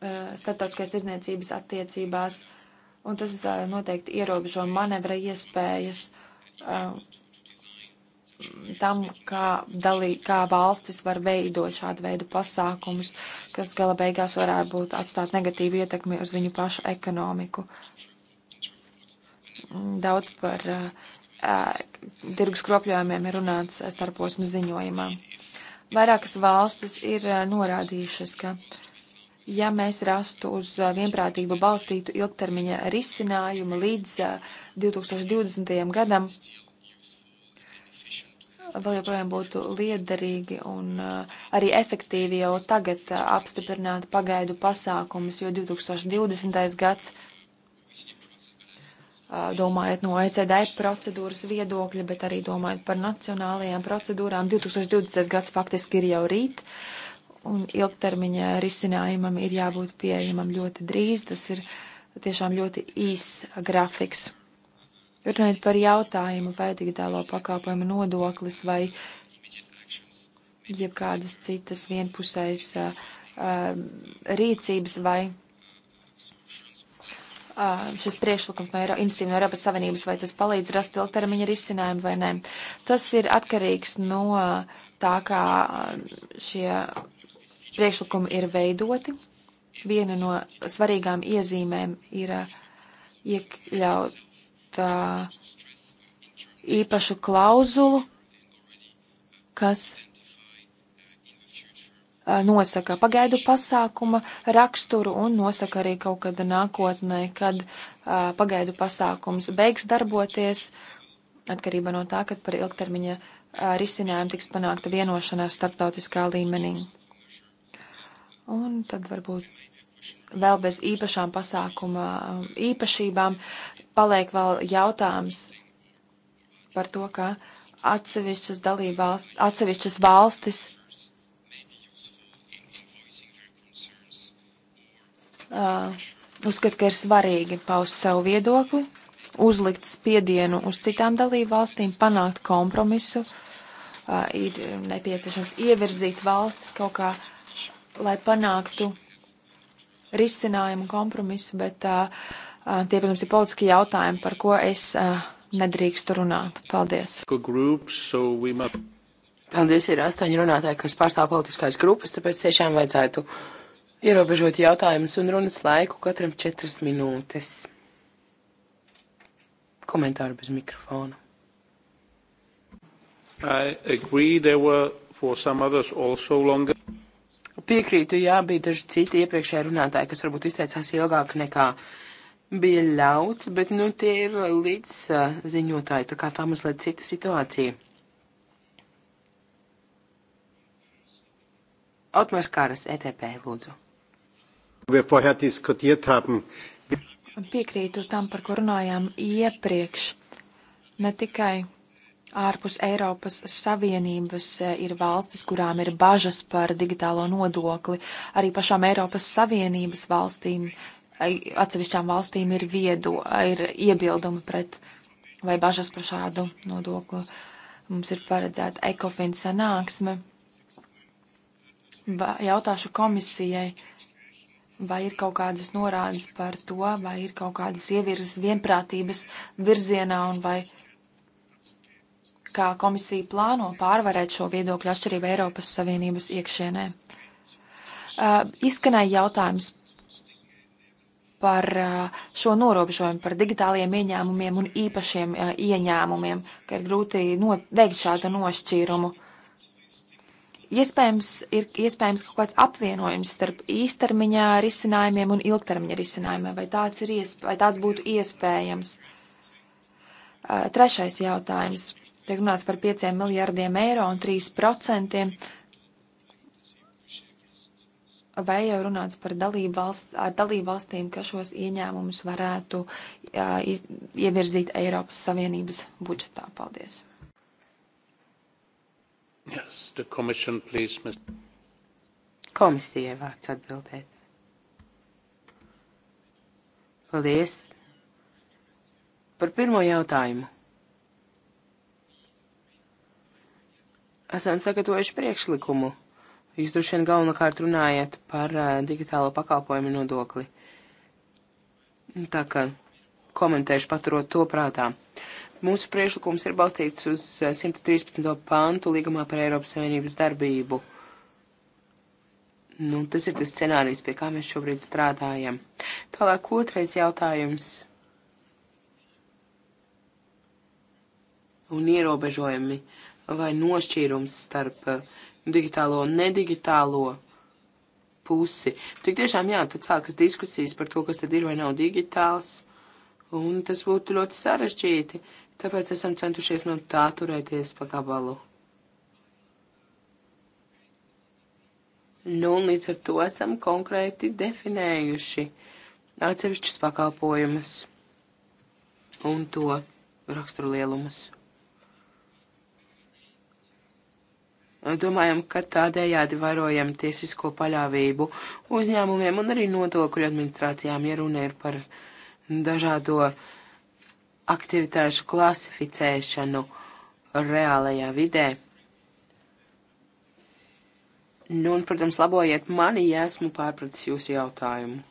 Eh, starptautiskās tirzniecības attiecībās, un tas eh, noteikti ierobežo manevra iespējas eh, tam, kā, dalī, kā valstis var veidot šādu veidu pasākumus, kas gala beigās varētu būt atstāt negatīvu ietekmi uz viņu pašu ekonomiku. Daudz par tirgus kropļojumiem ir runāts starposmas ziņojumā. Vairākas valstis ir norādījušas, ka uh, ja mēs rastu uz uh, vienprātību balstītu ilgtermiņa risinājumu līdz 2020. Uh, gadam, vēl joprojām būtu liederīgi un uh, arī efektīvi jau tagad apstiprināt pagaidu pasākumus, jo 2020. gads, domājot no ECD procedūras viedokļa, bet arī domājot par nacionālajām procedūrām, 2020. gads faktiski ir jau rīt. Uh, un ilgtermiņa risinājumam ir jābūt pieejamam ļoti drīz. Tas ir tiešām ļoti īss grafiks. Runājot par jautājumu, vai digitālo pakalpojumu nodoklis vai jebkādas citas vienpusējas uh, rīcības vai uh, šis priekšlikums no Eiro, institīva no Eiropas Savienības, vai tas palīdz rast ilgtermiņa risinājumu vai nē. Tas ir atkarīgs no tā, kā šie priekšlikumi ir veidoti. Viena no svarīgām iezīmēm ir uh, iekļaut uh, īpašu klauzulu, kas uh, nosaka pagaidu pasākuma raksturu un nosaka arī kaut kad nākotnē, kad a, pagaidu pasākums beigs darboties, atkarībā no tā, kad par ilgtermiņa a, risinājumu tiks panākta vienošanās starptautiskā līmenī. Un tad varbūt vēl bez īpašām pasākuma īpašībām paliek vēl jautājums par to, ka atsevišķas dalībvalstis, atsevišķas valstis uh, uzskata, ka ir svarīgi paust savu viedokli, uzlikt spiedienu uz citām dalībvalstīm, panākt kompromisu, uh, ir nepieciešams ievirzīt valstis kaut kā uh, lai panāktu risinājumu kompromisu, bet uh, tie, protams, ir politiski jautājumi, par ko es uh, nedrīkstu runāt. Paldies. Paldies, ir astoņi runātāji, kas pārstāv politiskās grupas, tāpēc tiešām vajadzētu ierobežot jautājumus un runas laiku katram četras minūtes. Komentāru bez mikrofona. I agree there were for some others also longer. Piekrītu, jā, bija daži citi iepriekšēji runātāji, kas varbūt izteicās ilgāk nekā bija ļauts, bet nu tie ir līdzziņotāji, tā kā tā mazliet cita situācija. Otmars Kāras, ETP, lūdzu. Piekrītu tam, par ko runājām iepriekš. Ne tikai Ārpus Eiropas Savienības e, ir valstis, kurām ir bažas par digitālo nodokli. Arī pašām Eiropas Savienības valstīm, e, atsevišķām valstīm ir viedo, e, ir iebildumi pret vai bažas par šādu nodokli. Mums ir paredzēta ekofin sanāksme. Jautāšu komisijai, vai ir kaut kādas norādes par to, vai ir kaut kādas ievirzes vienprātības virzienā un vai kā komisija plāno pārvarēt šo viedokļu atšķirību Eiropas Savienības iekšienē. Uh, izskanēja jautājums par uh, šo norobežojumu, par digitāliem ieņēmumiem un īpašiem uh, ieņēmumiem, ka ir grūti veikt šādu nošķīrumu. Iespējams, ir iespējams kaut kāds apvienojums starp īstermiņā risinājumiem un ilgtermiņa risinājumiem, vai tāds, ir iesp vai tāds būtu iespējams. Trešais jautājums Tiek runāts par 5 miljārdiem eiro un 3%. Vai jau runāts par dalību, valst, dalību valstīm, ka šos ieņēmumus varētu jā, iz, ievirzīt Eiropas Savienības budžetā? Paldies! Yes, the commission, please, Mr. Komisija vārds atbildēt. Paldies par pirmo jautājumu. esam sagatavojuši priekšlikumu. Jūs droši vien galvenokārt runājat par uh, digitālo pakalpojumu nodokli. Tā kā komentēšu paturot to prātā. Mūsu priešlikums ir balstīts uz 113. Eh, pantu līgumā par Eiropas Savienības darbību. Nu, tas ir tas scenārijs, pie kā mēs šobrīd strādājam. Tālāk otrais jautājums. Un ierobežojumi. Uh, vai nošķīrums starp eh, digitālo un nedigitālo pusi. Tik tiešām, jā, tad sākas diskusijas par to, kas tad ir vai nav digitāls, un tas būtu ļoti sarežģīti, tāpēc esam centušies no tā turēties pa gabalu. Nu, un līdz ar to esam konkrēti definējuši atsevišķus pakalpojumus un to raksturu lielumus. Domājam, ka tādējādi varojam tiesisko paļāvību uzņēmumiem un arī nodokļu administrācijām, ja runa ir par dažādo aktivitāšu klasificēšanu reālajā vidē. Nu, un, protams, labojiet mani, ja esmu pārpratis jūsu jautājumu.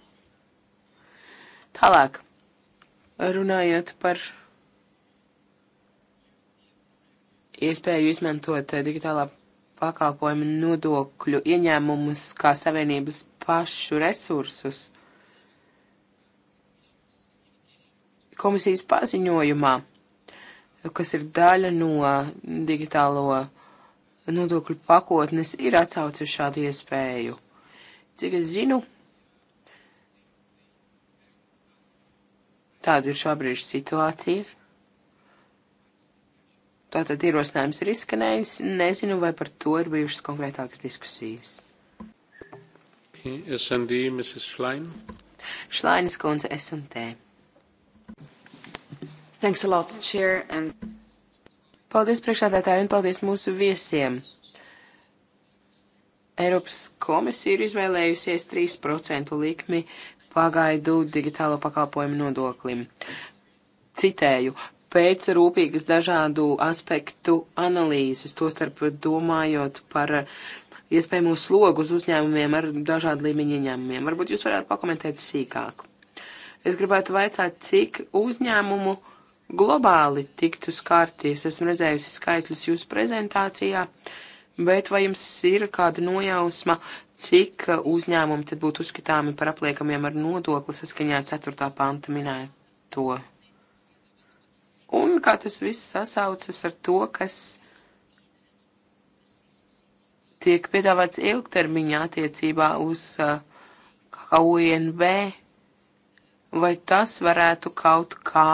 Tālāk, runājot par iespēju izmantot digitālā pakalpojumu nodokļu ieņēmumus kā savienības pašu resursus. Komisijas paziņojumā, kas ir daļa no digitālo nodokļu pakotnes, ir atsauce uz šādu iespēju. Cik es zinu, tāda ir šobrīd situācija. Tātad ierosinājums ir izskanējis. Nezinu, vai par to ir bijušas konkrētākas diskusijas. SND, Mrs. Schlein. Šlainis kundze, SNT. Thanks a lot, Chair. And... Paldies priekšādātāji un paldies mūsu viesiem. Eiropas komisija ir izvēlējusies 3% likmi pagaidu digitālo pakalpojumu nodoklim citēju, pēc rūpīgas dažādu aspektu analīzes, tostarp domājot par iespējamo slogu uz uzņēmumiem ar dažādu līmeņu ieņēmumiem. Varbūt jūs varētu pakomentēt sīkāk. Es gribētu vaicāt, cik uzņēmumu globāli tiktu skarti. Es esmu redzējusi skaitļus jūsu prezentācijā, bet vai jums ir kāda nojausma, cik uzņēmumi tad būtu uzskatāmi par apliekamiem ar nodokli saskaņā ar 4. panta minēto? un kā tas viss sasaucas ar to, kas tiek piedāvāts ilgtermiņā attiecībā uz uh, KUNB, vai tas varētu kaut kā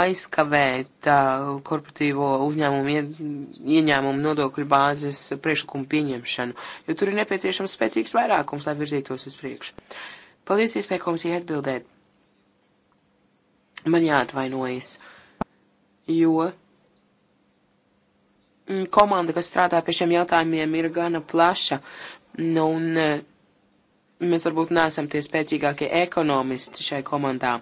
aizkavēt uh, korporatīvo uzņēmumu ie, ieņēmumu nodokļu bāzes priekšlikumu pieņemšanu, jo tur ir nepieciešams spēcīgs vairākums, lai virzītos uz priekšu. Paldies iespēju komisijai atbildēt. Man jāatvainojas. Uh, jo mm, komanda, kas strādā pie šiem jautājumiem, ir gana plaša. Nu, un, eh, mēs varbūt neesam tie spēcīgākie ekonomisti šai komandā.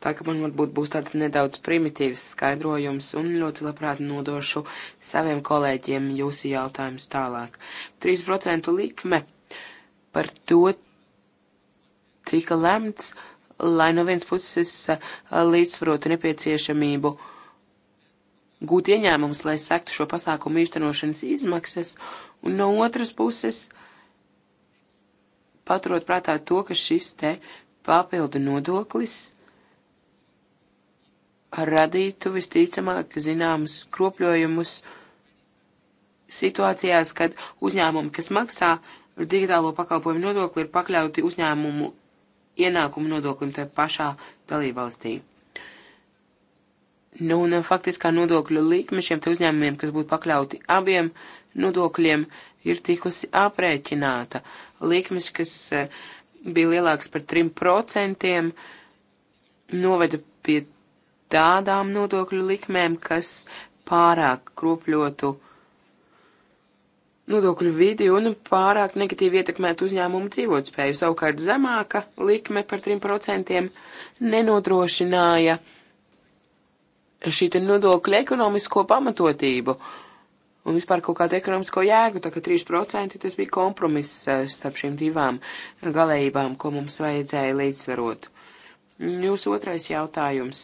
Tā ka man varbūt būs tāds nedaudz primitīvs skaidrojums un ļoti labprāt nodošu saviem kolēģiem jūsu jautājumus tālāk. 3% likme par to tika lemts, lai no viens puses eh, līdzsvarotu nepieciešamību uh, gūt ieņēmumus, lai sektu šo pasākumu īstenošanas izmaksas, un no otras puses paturot prātā to, ka šis te papildu nodoklis radītu visticamāk zināmus kropļojumus situācijās, kad uzņēmumi, kas maksā digitālo pakalpojumu nodokli, ir pakļauti uzņēmumu ienākumu nodoklim tajā pašā dalībvalstī. Nu, un eh, faktiskā nodokļu likme šiem uzņēmumiem, kas būtu pakļauti abiem nodokļiem, ir tikusi aprēķināta. Likmes, kas eh, bija lielākas par 3%, noveda pie tādām nodokļu likmēm, kas pārāk kropļotu nodokļu vidi un pārāk negatīvi ietekmētu uzņēmumu dzīvotspēju. Savukārt zemāka likme par 3% nenodrošināja šī te nodokļa ekonomisko pamatotību un vispār kaut kādu ekonomisko jēgu, tā ka 3% tas bija kompromiss eh, starp šīm divām galējībām, ko mums vajadzēja līdzsvarot. Jūsu otrais jautājums.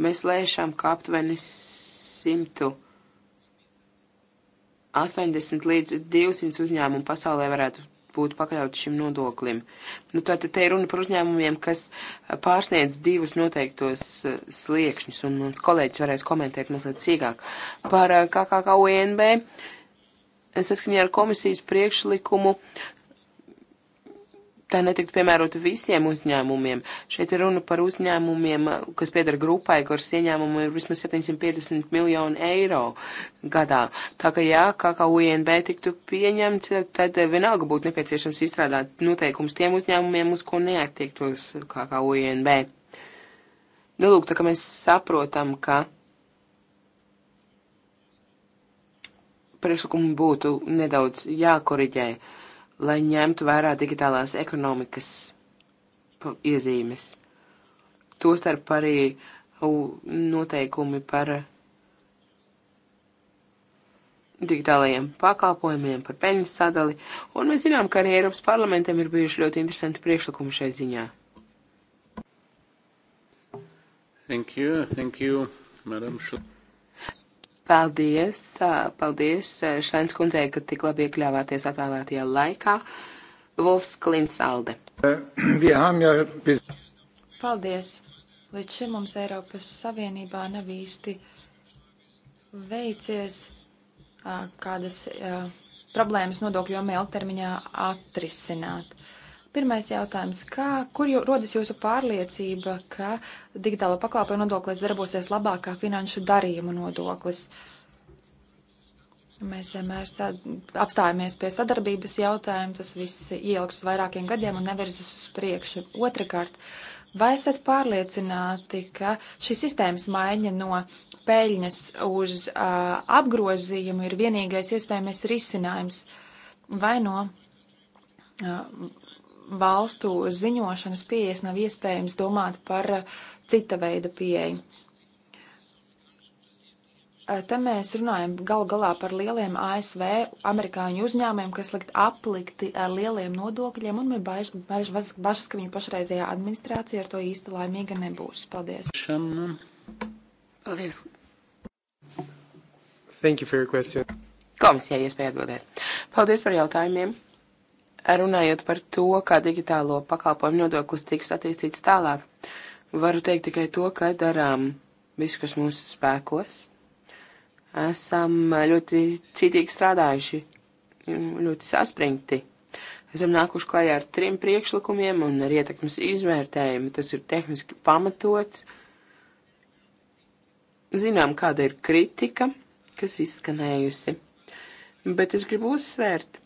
Mēs lēšām, ka aptuveni 180 līdz 200 uzņēmumu pasaulē varētu būtu pakļauti šim nodoklim. Nu, tātad te ir runa par uzņēmumiem, kas eh, pārsniedz divus noteiktos eh, sliekšņus, un mans kolēģis varēs komentēt mazliet sīkāk. Par eh, KKK UNB saskaņā ar komisijas priekšlikumu tā netiktu piemērota visiem uzņēmumiem. Šeit ir runa par uzņēmumiem, kas piedara grupai, kuras ieņēmumi ir vismaz 750 miljoni eiro gadā. Tā ka, jā, kā kā UNB tiktu pieņemts, tad vienalga būtu nepieciešams izstrādāt noteikums tiem uzņēmumiem, uz ko neattiektos kā kā UNB. Nu, lūk, tā kā mēs saprotam, ka priekšlikumi būtu nedaudz jākoriģē. Uh, lai ņemtu vērā digitālās ekonomikas iezīmes. Tostarp arī noteikumi par digitālajiem pakalpojumiem, par peļņas sadali, un mēs zinām, ka arī Eiropas parlamentam ir bijuši ļoti interesanti priekšlikumi šai ziņā. Thank you, thank you, Madam Schultz. Paldies, paldies Šlēns kundzei, ka tik labi iekļāvāties atvēlētajā laikā. Wolfs Klints Alde. Paldies. Līdz šim mums Eiropas Savienībā nav īsti veicies kādas problēmas nodokļu jomē ilgtermiņā atrisināt. Pirmais jautājums, kā, kur jū, rodas jūsu pārliecība, ka digitāla pakalpojuma nodoklis darbosies labāk kā finanšu darījumu nodoklis? Mēs vienmēr sad, apstājamies pie sadarbības jautājuma, tas viss ieliks uz vairākiem gadiem un nevirzas uz priekšu. Otrakārt, vai esat pārliecināti, ka šī sistēmas maiņa no peļņas uz uh, apgrozījumu ir vienīgais iespējamais risinājums vai no valstu ziņošanas pieejas nav iespējams domāt par eh, cita veida pieeju. Eh, te mēs runājam gal galā par lieliem ASV amerikāņu uzņēmumiem, kas likt aplikti ar lieliem nodokļiem, un ir bažas, bažas, ka viņu pašreizējā administrācija ar to īsti laimīga nebūs. Paldies. Paldies. Thank you for your question. Komisijai iespēja atbildēt. Paldies par jautājumiem runājot par to, kā digitālo pakalpojumu nodoklis tiks attīstīts tālāk, varu teikt tikai to, ka darām visu, kas mūsu spēkos. Esam ļoti citīgi strādājuši, ļoti saspringti. Esam nākuši klajā ar trim priekšlikumiem un ar ietekmes izvērtējumu. Tas ir tehniski pamatots. Zinām, kāda ir kritika, kas izskanējusi. Bet es gribu uzsvērt,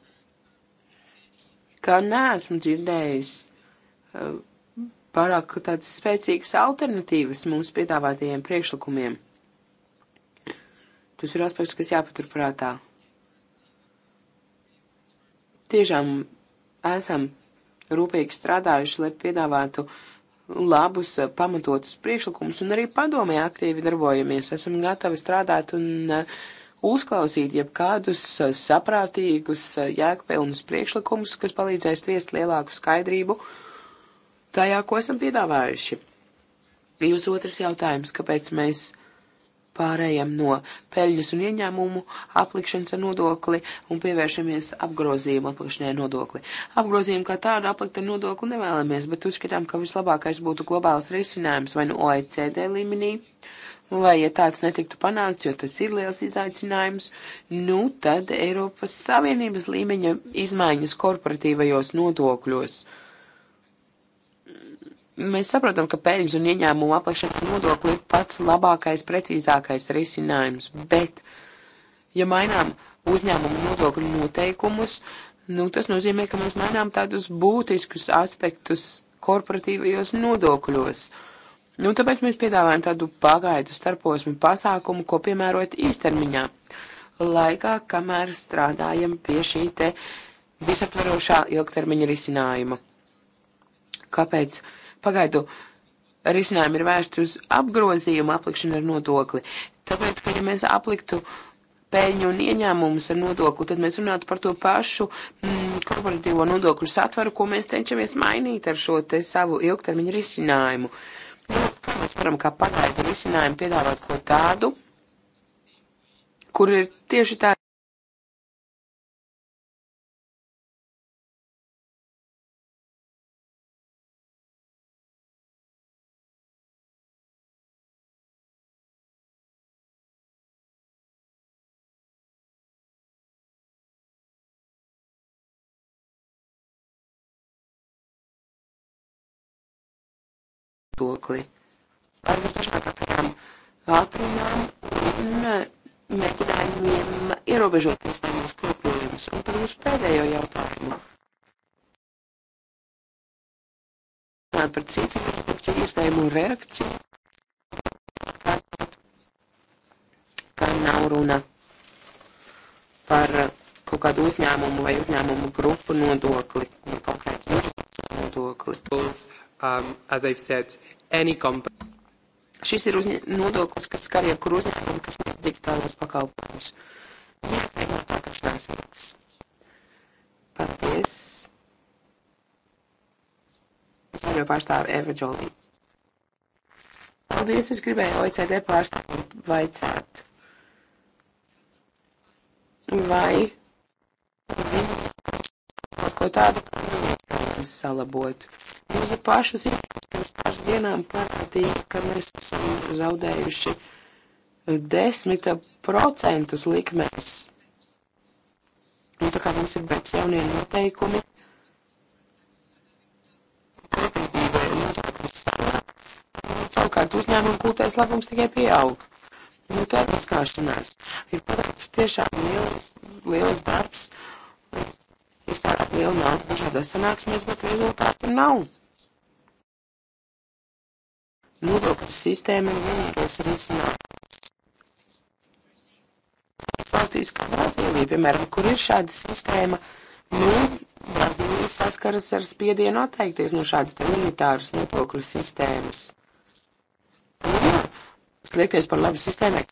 ka neesmu dzirdējis eh, pārāk tādas spēcīgas alternatīvas mums piedāvātajiem priekšlikumiem. Tas ir aspekts, kas jāpaturprātā. Tiešām esam rūpīgi strādājuši, lai piedāvātu labus, eh, pamatotus priekšlikumus, un arī padomē aktīvi darbojamies. Esam gatavi strādāt un uh, uzklausīt jebkādus eh, saprātīgus, eh, jēgpilnus priekšlikumus, kas palīdzēs viest lielāku skaidrību tajā, ko esam piedāvājuši. Jūsu otrs jautājums, kāpēc mēs pārējām no peļņas un ieņēmumu aplikšanas ar nodokli un pievēršamies apgrozījuma aplikšanai nodokli. Apgrozījumu kā tādu aplikt ar nodokli nevēlamies, bet uzskatām, ka vislabākais būtu globāls risinājums vai nu no OECD līmenī Nu, lai, ja tāds netiktu panākts, jo tas ir liels izaicinājums, nu tad Eiropas Savienības līmeņa izmaiņas korporatīvajos nodokļos. Mēs saprotam, ka peļņas un ieņēmumu apakšana nodokli ir pats labākais, precīzākais risinājums, bet, ja mainām uzņēmumu nodokļu noteikumus, nu, tas nozīmē, ka mēs mainām tādus būtiskus aspektus korporatīvajos nodokļos. Uh, Nu, tāpēc mēs piedāvājam tādu pagaidu starposmu pasākumu, ko piemērot īstermiņā, laikā, kamēr strādājam pie šī te visaptvarošā ilgtermiņa risinājuma. Kāpēc pagaidu risinājumi ir vērsti uz apgrozījumu aplikšanu ar nodokli? Tāpēc, ka ja mēs apliktu peļņu un ieņēmumus ar nodokli, tad mēs runātu par to pašu mm, korporatīvo nodokļu satvaru, ko mēs cenšamies mainīt ar šo te savu ilgtermiņu risinājumu. Uh, Kā mēs varam kā pagaidu risinājumu piedāvāt ko tādu, kur ir tieši tā viedokli par visdažādākajām atrunām un eh, mēģinājumiem ierobežot iespējamos kropļojumus. Un par jūsu pēdējo jautājumu. Runāt par citu jurisdikciju iespējamo reakciju. Kā, kā nav runa par kaut kādu uzņēmumu vai uzņēmumu grupu nodokli vai nu, konkrētu jurisdikciju nodokli um, as I've said, any company. Šis ir uzņē, nodoklis, kas skar jebkuru uzņēmumu, kas sniedz digitālos pakalpojumus. Jāatvieglo atrašanās vietas. Paldies! Zaļo pārstāvi Eva Džolī. Paldies, es gribēju OECD pārstāvjiem vaicāt. Vai viņi kaut ko tādu, ko sistēmas salabot. Mūsu pašu ziņojums pirms pāris dienām parādīja, ka mēs esam zaudējuši desmita procentus likmēs. Un nu, tā kā mums ir beps jaunie noteikumi, kredītībai un noteikumi stāvāk, savukārt uzņēmumu gūtais labums tikai pieaug. Nu, tā ir atskāšanās. Ir paveikts tiešām liels, liels darbs. Jūs strādājat lielu naudu dažādās sanāksmēs, bet rezultātu nav. Nodokļu sistēma ir vienīgais risinājums. Valstīs kā Brazīlija, piemēram, kur ir šāda sistēma, nu, Brazīlija saskaras ar spiedienu atteikties no šādas unitāras nodokļu sistēmas. Un, nu, jā, sliekties par labu sistēmai,